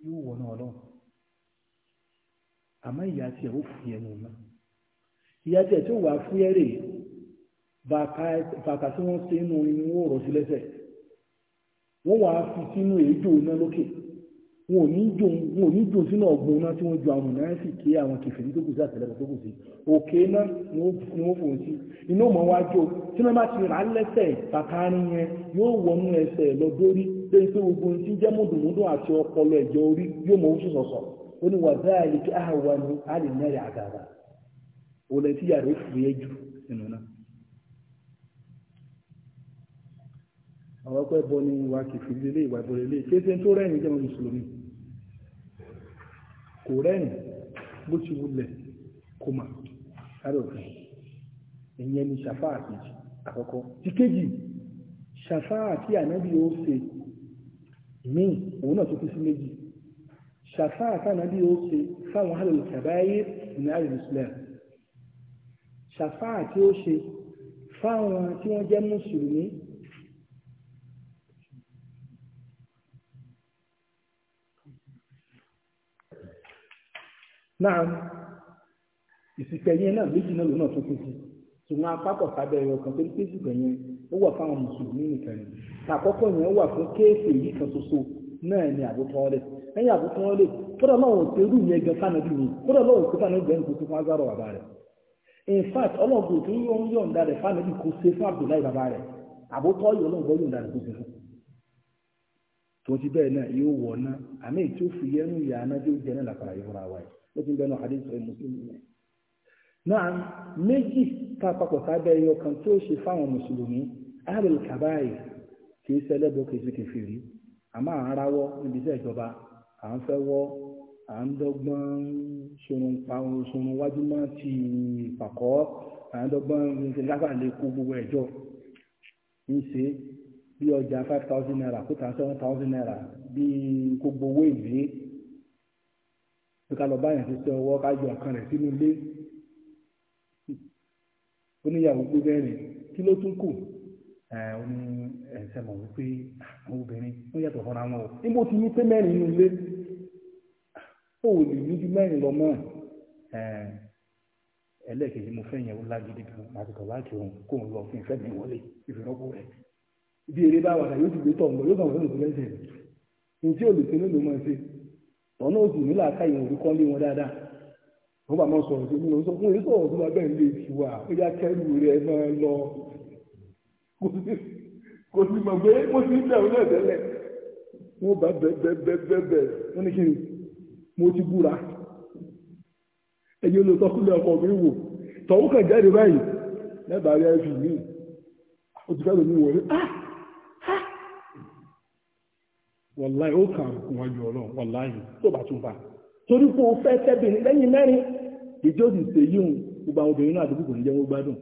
yóò wọ náà ọlọ́run àmọ́ ìyá tiẹ̀ ó fi ẹnu náà ìyá tiẹ̀ tí ó wà á fúyẹ́ rèé bàtà tí wọ́n ṣe nínú orin ni wọ́n rọ̀ sí lẹ́sẹ̀ wọ́n wàá fi sínú èédò iná lókè wọn ò ní jò sínú ọ̀gbun náà tí wọ́n ju àwọn náà sì ké àwọn kẹfẹ́ nítorí sí àtẹlẹbẹ tó kù sí òkè náà ni wọ́n fòun sí iná mọ̀ wá jó tí wọ́n bá ti rà á lẹ́sẹ̀ tàkàrí yẹn yóò wọnú ẹsẹ̀ lọ dórí lórí pé gbogbo ohun tí ń jẹ́ mọ̀dùnmọ́dùn àti ọpọlọ ẹ̀jẹ̀ orí yóò mọ̀ oṣù sọ̀sọ̀ ó ní wà dáa a lè náà yà àgàrà òun lè ti yàrá ó àwọn pẹ́ bọ́ ní ìwà kìfìdí ilé ìwà ìbọ̀rẹ̀ ilé kéṣe tó rẹ́yìn jẹ́ mùsùlùmí kò rẹ́yìn bó ti wulẹ̀ kò mà lábẹ́ ìyẹn ni ṣàfáà kejì àkọ́kọ́ ti kéjì ṣàfáà tí ànábì ó ṣe míì òun náà tó fi sí méjì ṣàfáà tí ànábì ó ṣe fáwọn hálòlù kàbáyé ní àrùn islam ṣàfáà tí ó ṣe fáwọn tí wọ́n jẹ́ mùsùlùmí na ìsìnkẹyìn náà méjì náà lónà na sí ṣùgbọ́n apákọ̀ sábẹ́ ẹ̀rọ kan tó ń pèsè gbẹ̀yìn ó wà fáwọn mùsùlùmí nìkan ni àkọ́kọ́ yẹn wà fún kéèfé yìí kan ṣoṣo náà ni àbútọ́ rẹ̀ ẹ̀yìn àbútọ́ rẹ̀ kódà lọ́wọ́ rú yẹn gan fánà bí mi kódà lọ́wọ́ fánà gbẹ̀yìn fún bàbá rẹ̀ in fact ọlọ́gbọ̀n tó yọ ń yọ̀ǹda rẹ̀ fánà bí kò fún Abdullahi bàbá rẹ̀ ló ti ń bẹnu hadith rẹ̀ mùsùlùmí rẹ̀ náà méjì tá a papọ̀ sábẹ́ ẹyọ kan tó ṣe fáwọn mùsùlùmí ahlul kabair kì í ṣẹlẹ́bọ kì í ṣe kèfèrí àmọ́ à ń rawọ́ níbi iṣẹ́ ìjọba à ń fẹ́ wọ́ à ń dọ́gbọ́n sorun pa sorun wájú mọ́ ti ìpàkọ́ à ń dọ́gbọ́n ní lábàlẹ̀ kó gbogbo ẹ̀jọ́ ń ṣe bí ọjà five thousand naira kó tà seven thousand naira bí gbogbo owó ìwé pé ká lọ bá yàn ṣiṣẹ́ ọwọ́ ká yọ ọ̀kan rẹ̀ sínú ilé oníyàwó pé bẹ́ẹ̀rẹ̀ kí ló tún kù ó ní ẹ̀sẹ̀ mọ̀ wípé ah, àwọn obìnrin ó yàtọ̀ fúnra wọn o níbo ti ní pé mẹ́rin nínú ilé ó lè ní ju mẹ́rin lọ mọ́ ẹlẹ́ẹ̀kejì mo fẹ́ yẹn ó lágídí gan láti kọ̀ láti òun kó òun lọ fún ìfẹ́ mi wọlé ìfìrọ́pọ̀ rẹ̀ bí eré bá wà láyé ó ti gbé tọ̀ ń lọ yóò kàn wọ́n lọ́sọ̀rọ̀ lẹ́sẹ̀ ní tí olùsìn ló lò máa ṣe ọ̀nà òsì nílà káyọ̀ orúkọ lé wọn dáadáa wọ́n bá máa sọ̀rọ̀ sí mi lọ́sọ̀ fún èso ọ̀dún wa bẹ́ẹ̀ lè fi wà ó yá kẹ́rù rẹ̀ máa lọ kò sí mọ̀ pé mo ti ń bẹ̀rù náà tẹ́lẹ̀ wọ́n bá bẹ́ẹ̀bẹ́ẹ̀bẹ́ẹ̀ wọ́n ní kí ni mo ti búra ẹ̀yin olóòótọ́ ọkọ̀ mi wò tọ̀wọ́ kàn jáde báyìí lẹ́bàá rẹ̀ fi mí ó ti fẹ́ lómi wọ̀ ah wọ̀láì ó kàn kún wájú ọlọ́run wọ̀láì tó bá tún bá torí fún un fẹ́ tẹ́bìnrin lẹ́yìn mẹ́rin ìjọ sì ṣe yíhun gbogbo àwọn obìnrin náà àdúgbò kò ní jẹ́ wọ́n gbádùn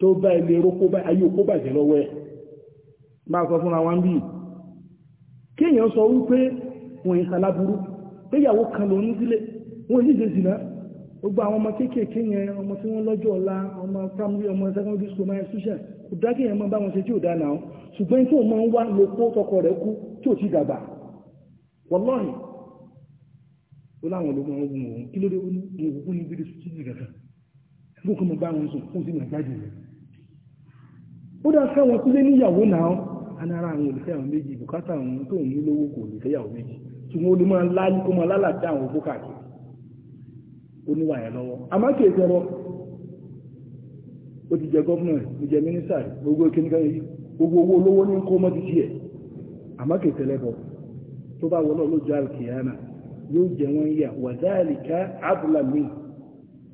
tó bá ilé bá ayé sọ bí kéèyàn sọ wípé wọn kan ọmọ kéékèèké yẹn ọmọ tí ọmọ primary ọmọ secondary school bá wọn ṣe tí ò ń wọlọ́ọ̀hìn ó láwọn ológun ogun òun kí ló dé ogun ní bídí sùtìtì kankan fún kí mo bá wọn sùn fún sí mi àgbájì rẹ̀ ó dá káwọn sílé níyàwó náà anára àwọn olùfẹ́ àwọn méjì bùkátà àwọn tó ń lówó kò lè fẹ́yàwó méjì ṣùgbọ́n ó lè máa lálẹ́ kó máa lálàjá àwọn òkú káàkiri ó níwà ẹ̀ lọ́wọ́ àmọ́ kìí sọ̀rọ̀ ó ti jẹ gọ́ọ̀nà ó jẹ mínísítà gbogbo kíníkà gbogbo owó olówó ní kó mọ́ ti tiẹ̀ àmọ́ kìí sẹ́lẹ̀ bọ̀ tó bá wọlọ́ lójú alkiyama yóò jẹ wọn yà wàdáàlìká abúlàmí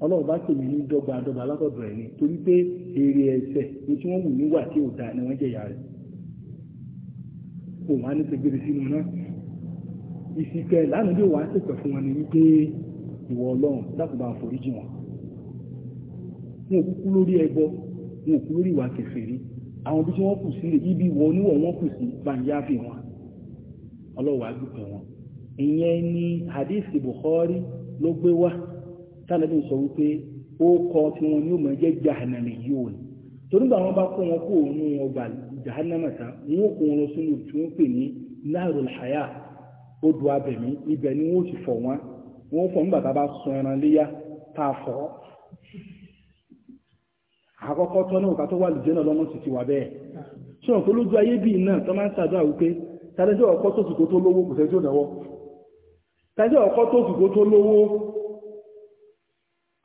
ọlọ́run bá tèmi ní dọ́gba dọ́gba alákọ̀ọ́dọ̀ ẹ̀ni torí pé èrè ẹ̀ṣẹ̀ ní tí wọ́n níwà tí ò dá ni wọ́n jẹ̀yà rẹ̀ ní sínú náà ìsìnkẹ́ lánàá bí fún wọn ni wípé ìwọ ọlọ́run àforíjì wọn wọn ò ọlọ́wà gbùkọ̀ wọn ìyẹn ni hadith Bukhari ló gbé wá tánàbí sọ wípé ó kọ tí wọn ni ó mọ̀ jẹ́ jahannami yóò ní torígbà wọn bá kó wọn kó òun ọgbà jahannama ta wọn kó wọn lọ sínú tí wọn pè ní narul haya odò abẹ̀mí ibẹ̀ ni wọn ti fọ̀ wọn wọn fọ̀ nígbà tá a bá sọ ẹran léyà tá a fọ̀ àkọ́kọ́ tọ́ náà ká wà lùjẹ́ náà lọ́mọ́ sì ti wà bẹ́ẹ̀ ṣé òǹkó lójú ayé bíi náà tó máa ń ṣàdúrà wípé tàlẹ́jọ́ ọkọ́ tó sùkó tó lówó kò sẹ́jọ́ náwọ́ tàlẹ́jọ́ ọkọ́ tó sùkó tó lówó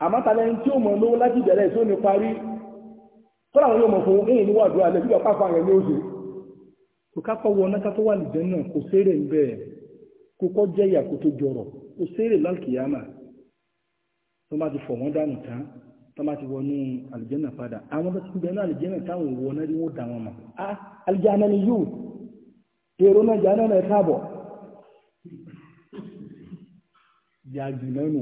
àmọ́ tàlẹ́ tí ó mọ̀ lówó láti bẹ̀rẹ̀ tó ní parí tọ́lá wọn yóò mọ̀ fún ẹ̀yìn níwájú alẹ́ bí ọ̀pá fún ẹ̀yìn oṣù kò kápọ̀ wọ náà tó wà lìjẹ́ náà kò sérè ń bẹ̀ẹ̀ kò kọ́ jẹ́ ìyà kò tó jọrọ̀ kò sérè lálkìyàmà tó má ti fọ̀ wọ́n dànù tán tó má ti wọ ní àlìjẹ́ náà padà àwọn tó ti bẹ̀rẹ̀ náà àlìjẹ́ náà táwọn ìwọ náà rí wọ́n dà wọn mọ̀ ah, èrò náà jà náà káàbọ̀ jàjù náà nù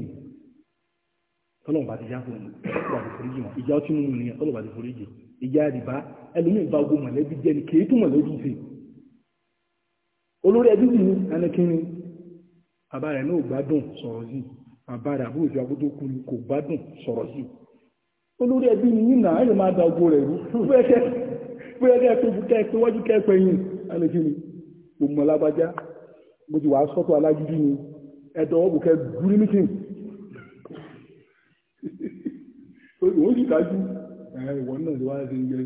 tọ́lọ̀mù bá ti já fún ọmọ ìjà foríjì wọn ìjà ọtí mímu nìyẹn tọ́lọ̀mù bá ti foríjì ìjà àdìbá ẹlòmíì bá ogun mọ̀lẹ́bí jẹ́ ni kìí tún mọ̀lẹ́bí ṣe olórí ẹbí yìí ẹnikẹ́ni bàbá rẹ̀ náà gbádùn sọ̀rọ̀ sí bàbá rẹ̀ àbúrò ìjọ agbótó kú ni kò gbádùn sọ̀rọ̀ sí olórí ẹbí yìí náà ẹ̀ máa da ogo rẹ̀ rú fún ẹ̀kẹ́ fún ẹ̀kẹ́ tó wájú kẹ́ẹ̀pẹ́ yìí ẹnikẹ́ni mo mọ lágbájá mo ti wà á sọ́tọ̀ alágídí ni ẹ̀dọ̀ ọ̀bù kẹ́ gúrí mítìn wọ́n sì dájú ìwọ náà ti wá ṣe ń jẹ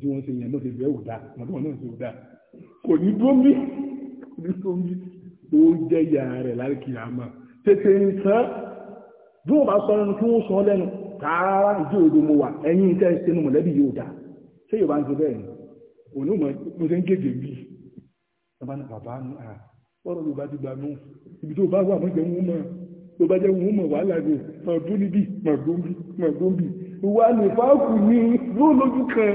tí wọ́n ṣe yẹn náà ṣe bẹ́ẹ̀ òdà mọ̀tò wọn náà ṣe òdà kò ní tó mí kò ní tó mí ó jẹ́ ìyá rẹ̀ láìkí àmà tètè nǹkan bí wọ́n bá sọ lẹ́nu kí wọ́n sọ lẹ́nu tààrà ìdí òdo mo wà ẹ̀yìn tẹ́ ṣe nu mọ̀lẹ́bí yóò dà ṣé Yorùbá ń ṣe bẹ́ẹ̀ ni òun ní mo ṣe ń gègé bíi bàbá ní bàbá ní à bọ́rọ̀ ló bá ti gbà nù ibi tó bá wà mọ́ jẹ́ wọn mọ́ ló bá jẹ́ wọn mọ́ wàhálà ni mà dún níbí mà dún bí mà dún bí wà ní fáàkù ní yóò lójú kan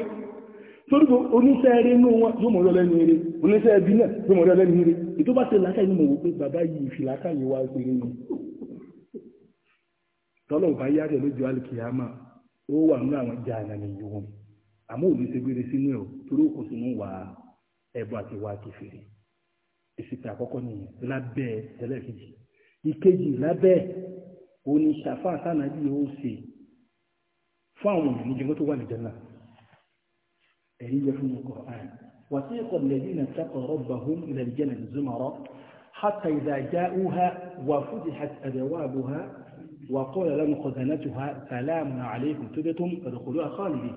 torí ko oníṣẹ́ eré inú wọn yóò mọ̀ lọ́lẹ́ ní eré oníṣẹ́ ẹbí náà yóò mọ̀ lọ́lẹ́ eré ètò bá ṣe làákàyè mọ̀ wò pé bàbá yìí fi làákàyè wá sí eré tọ́lọ̀ bá yá rẹ̀ lójú alìkìyàmà ó wà nínú àwọn ìjà àyànnì yìí àmọ́ òní ṣe gbére sínú ẹ̀ torí ó wà ẹ̀bùn àti wà kẹfìrì ìsìnkú àkọ́kọ́ nìyẹn lábẹ́ ẹlẹ́kejì ìkejì lábẹ́ òní ṣàfà sànàbí ó ṣe fún àwọn ọmọ ìjọba tó wà nìjọba ẹ̀rí yẹ fún ọkọ̀ ààrẹ وسيق الذين اتقوا ربهم إلى الجنة زمرا حتى إذا جاءوها وفتحت أبوابها وقال لهم خزنتها سلام عليكم تبتم ادخلوها خالدين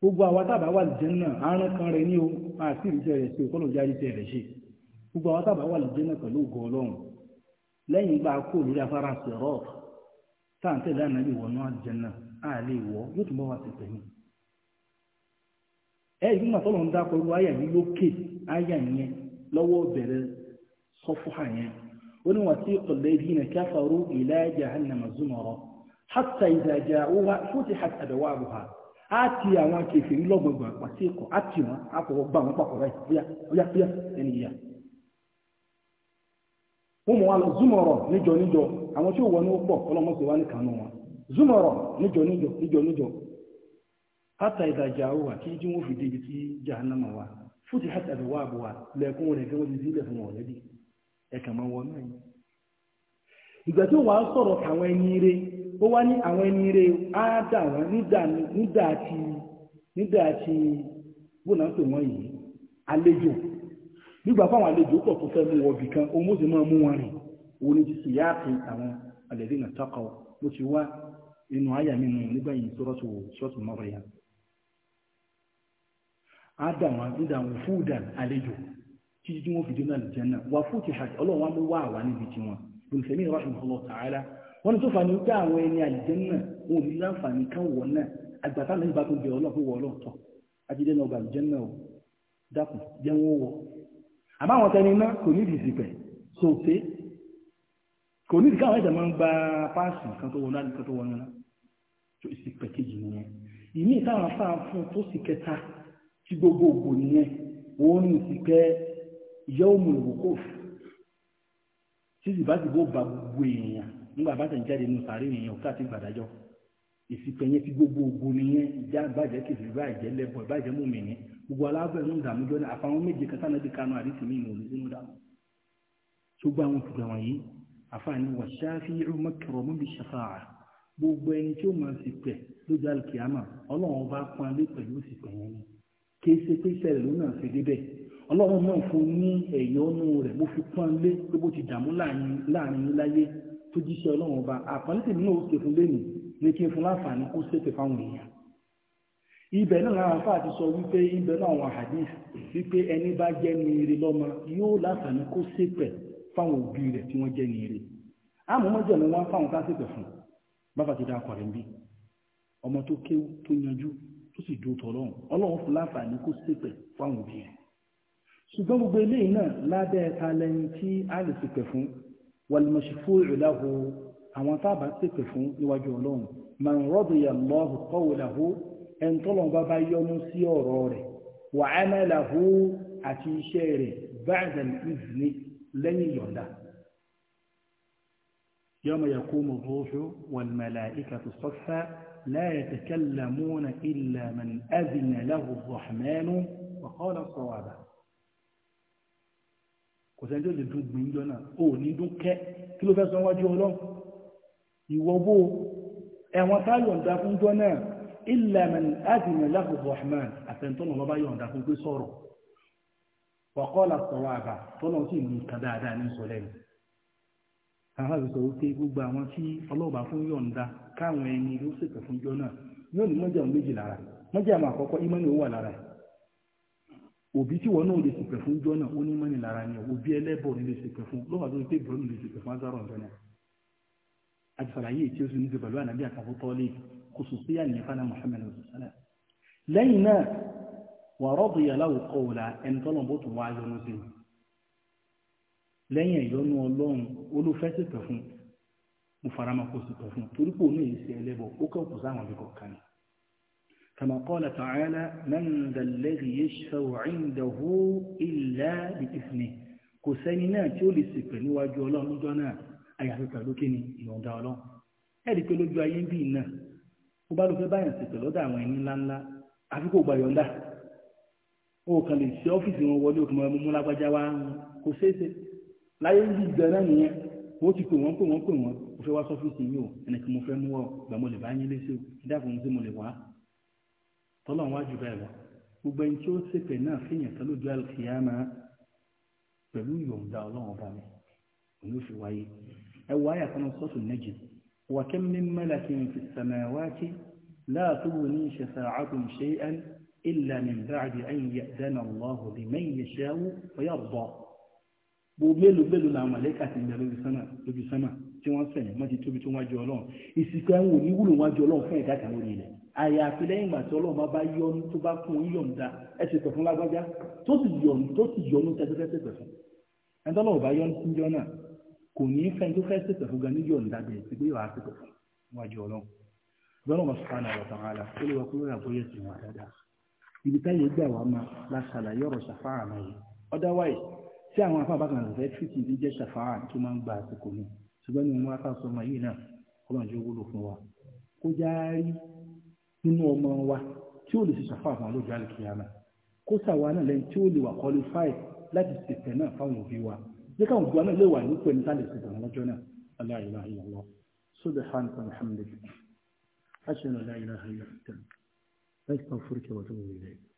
gbogbo àwọn tábà wà jẹ́ náà àárín kan rẹ̀ ní o àti ìrìṣẹ́ rẹ̀ sí gbogbo àwọn tábà wà lóde náà pẹ̀lú ògo ọlọ́run lẹ́yìn gbà kó lórí afárá sọ̀rọ̀ táǹtẹ̀ lánàá lè wọnú àjẹnà àlè wọ yóò tún bá wa tètè ní. ẹ ìlú màtọ́ ló ń dá pẹ̀lú àyà yìí lókè àyà yẹn lọ́wọ́ bẹ̀rẹ̀ sọ́fúnhà yẹn ó ní wà sí ìkọ̀lẹ́ yìí nà káfàrú ìlà jahannama zumara hatta idha ja'uha futihat abwabuha á ti àwọn akẹ́fẹ́ ńlọ́gbọ̀ngbọ̀n àti ìkọ̀ á ti wọn á gbà wọn pàpọ̀ báyìí ụmụ wa zumọrọ níjọ níjọ àwọn tí ó wọ ní pọ̀ ọlọ́mọsí wá ní kànú wọn zumọrọ níjọ níjọ níjọ níjọ hátà ìdàjà àwòwà kí jí wọn fi tí wa fúti hátà ìdàwà àbúwà lẹ́ẹ̀kún rẹ̀ gẹ́gẹ́ sílẹ̀ fún wọn ẹ̀kà máa wọ náà yìí ìgbà tí wàá sọ̀rọ̀ ẹni ó wá ní àwọn ẹni á dà wọ́n nígbà fáwọn àlejò pọ̀ tó fẹ́ mú wọ bì kan ohun ó sì máa mú wọn rìn òun ni ti sì yá àpín àwọn àlẹ́dí náà tọkọ mo ti wá inú àyà mi nígbà yìí sọ́rọ́tù sọ́ọ̀tù mọ́bàyà á dà wọn nígbà wọn fúdà àlejò títí tí wọ́n fi dé náà lè jẹ́ náà wà fúti hajj ọlọ́run wá ló wá àwa níbi tí wọn bùnfẹ̀mí rahimahullah ta'ala wọ́n ní tó fani pé àwọn ẹni àlejò náà wọn ò ní láǹfààní àbáwọn tẹni iná kò nídìí ìsìnkẹ̀ sóòfé kò nídìí káwọn ẹ̀jẹ̀ máa ń gba páàsì kan tó wọnú àdìkan tó wọnú náà tó ìsìnkẹ̀ kejì nìyẹn ìní ìtàwọn afáà fún tó sì kẹta tí gbogbo ògbò nìyẹn òun ní ìsìnkẹ̀ yẹ́wòmù ìwòkófù tí ìbádìbò bá gbogbo èèyàn nígbà bá tẹ̀ jáde nù sàárè èèyàn òkú àti gbàdájọ́ ìsìnkẹ̀ yẹn ti gbogbo ògbò nìyẹn ìjà bàjẹ́ kìfì gbogbo aláàbẹ̀ ló ń dààmú jọ ní àfàwọn méje kẹta náà ti kanu àdìsí mi ìmọ̀ òdìsí ló dààmú ṣùgbọ́n àwọn òkùnkùn wọ̀nyí àfààní wà ṣáfì mọ́kẹ̀rọ̀ mọ́bi ṣàfàà gbogbo ẹni tí ó máa sì pẹ̀ lójú alìkìyàmà ọlọ́run bá pọn alẹ́ pẹ̀lú sì pẹ̀ yẹn ni kì í ṣe pé ìṣẹ̀lẹ̀ ló náà ṣe débẹ̀ ọlọ́run náà fún ní ẹ̀yọ́nú rẹ̀ mo fi pọn alẹ́ pé bó ti dààmú láàrin láyé tó jíṣẹ́ ọlọ́run ọba àpọ́nlẹ́tẹ̀ mi náà fún lẹ́yìn ní kí n fún láǹfààní kó ṣètò fáwọn èèyàn ibẹ̀ náà lára fà ti sọ wípé ibẹ̀ náà àwọn hadith wípé ẹni bá jẹ́ ní ire lọ́mọ yóò látàní kó ṣépẹ̀ fáwọn òbí rẹ̀ tí wọ́n jẹ́ ní ire àmọ́ wọ́n jẹ́ ní wọ́n fáwọn ká ṣépẹ̀ fún bàbá ti dá akọ̀rẹ́ ń bí ọmọ tó kéwú tó yanjú tó sì dúró tọ́lọ́run ọlọ́run fún láǹfààní kó ṣépẹ̀ fáwọn òbí rẹ̀ ṣùgbọ́n gbogbo eléyìí náà lábẹ́ ẹ̀ka lẹ́yìn tí a lè ṣépẹ̀ fún wàlùmọ̀ṣìfó ẹni tọ́lọ̀ bá bá yọnu sí ọ̀rọ̀ rẹ̀ wà á náà làhú àti iṣẹ́ rẹ̀ báyìí ìzìní lẹ́yìn yọ̀ǹda yawma yaqumu ruhu wal mala'ikatu saffa la yatakallamuna illa man adhina lahu ar-rahmanu wa qala sawaba kò sẹ́ni tó lè dún gbìn jọ náà ó ní dún kẹ́ kí ló fẹ́ sọ wájú ọlọ́run ìwọ bó ẹ̀wọ̀n táyọ̀ ń da fún jọ náà إلا من أذن له الرحمن أفنتون الله بايون دا كوكي سورو وقال الصواب طلعوا تي من كدادا من سليم àwọn àgbẹ̀sọ̀ wípé gbogbo àwọn tí ọlọ́ọ̀bá fún yọ̀ǹda káwọn ẹni ló ṣètò fún jọ náà yóò ní mọ́jà méjì lára mọ́jà àmọ́ àkọ́kọ́ ìmọ̀ni ó wà lára òbí tí wọn náà lè ṣèpẹ̀ fún jọ náà ó ní mọ́ni lára ni òbí ẹlẹ́bọ̀ ni lè ṣèpẹ̀ fún lọ́wọ́ àti pé ìbọn lè fún azarọ̀ náà àti sàlàyé khususiyan ní fana muhammadu sallam lẹ́yìn náà wà radiya lahu qawla ẹni tọ́lọ̀ bó tún wá yọnu sí i lẹ́yìn ìyọnu ọlọ́run olùfẹ́ sì pẹ̀ fún mo farama kó sì pẹ̀ fún torí pé òun èyí ṣe ẹlẹ́bọ̀ ó kẹ́ òkú sáwọn ibì kọ̀ọ̀kan ni. kama qala ta'ala man dhalladhi yashfa'u 'indahu illa bi'iznihi kò sẹ́ni náà tí ó lè sì pẹ̀ níwájú ọlọ́run lọ́jọ́ náà àyàfi pẹ̀lú kíni ìyọ̀ǹda ọlọ́run ẹ̀rí ó bá ló fẹ́ báyàn ṣètò lọ́dọ̀ àwọn ẹni ńláńlá àfi kò gbà yọ̀ǹda kàn lè ṣe ọ́fíìsì wọn wọlé òkú mọ́ lágbájá wa kò ṣeéṣe láyé ń bí náà nìyẹn ó ti pè wọ́n pè wọ́n pè wọ́n mo fẹ́ wá sọ́fíìsì yìí o ẹnìkan mo fẹ́ mú ọ gbà mo lè bá yín léṣe o ìdáàbòmù sí mo lè wá tọ́lọ́ wá jù báyìí lọ gbogbo ẹni tí ó ṣèpè náà fìyàn tó lójú àlùkìyàmá pẹ̀lú ìyọ̀ǹda ọlọ́run ọba mi òun ló fi wáyé ẹ wọ àyà sọ́ọ̀tù nẹ́jì وكم من ملك في السماوات لا تغني شفاعتهم شيئا إلا من بعد أن يأذن الله لمن يشاء ويرضى mélòó mélòó làwọn màlẹ́kà ti ń bẹ lójú sánmà lójú sánmà tí wọ́n sẹ̀yìn wọ́n ti tóbi tó wájú ọlọ́run ìsìnkú àwọn oníwúlò wájú ọlọ́run fún ìdájà lórí ilẹ̀ àyàfi lẹ́yìn ìgbà tí ọlọ́run bá bá yọnu tó bá fún yọ̀ǹda ẹ ti pẹ̀ fún lágbájá tó sì yọnu tó sì yọnu tẹ́tẹ́tẹ́tẹ́ pẹ̀ fún ẹ̀ńtọ́lọ́run bá yọnu sí jọ náà kò ní fẹ́ tó fẹ́ ṣètò fún gan níjọ́ ìdájọ́ ìsìn pé yóò ṣètò fún níwájú ọlọ́run lọ́rọ̀ wọn sọ́kànà ọ̀tàn ara tó lè wọ kúrò rà bóyá ìsìn wà dáadáa ibi táyé gbà wá máa la ṣàlàyé ọ̀rọ̀ ṣàfáà náà yìí otherwise tí àwọn afábá kan rẹ̀ fìtì ní jẹ́ ṣàfáà tó máa ń gba àsìkò ni ṣùgbọ́n ní wọn afáàsọ ọmọ yìí náà ọlọ́run jẹ́ wúlò fún wa kó já rí nínú ọmọ wa tí ó lè ṣe ṣàfáà fún alójú àlùkìyàmà kó sàwa náà lẹ́yìn tí ó lè wà qualified láti ṣètẹ̀ náà fáwọn òbí wa jẹ́ káwọn gbogbo náà lè wà ní pẹ̀lú tá lè ṣe àwọn ọjọ́ náà la ilaha illallah subhanaka walhamdulillah ashhadu an la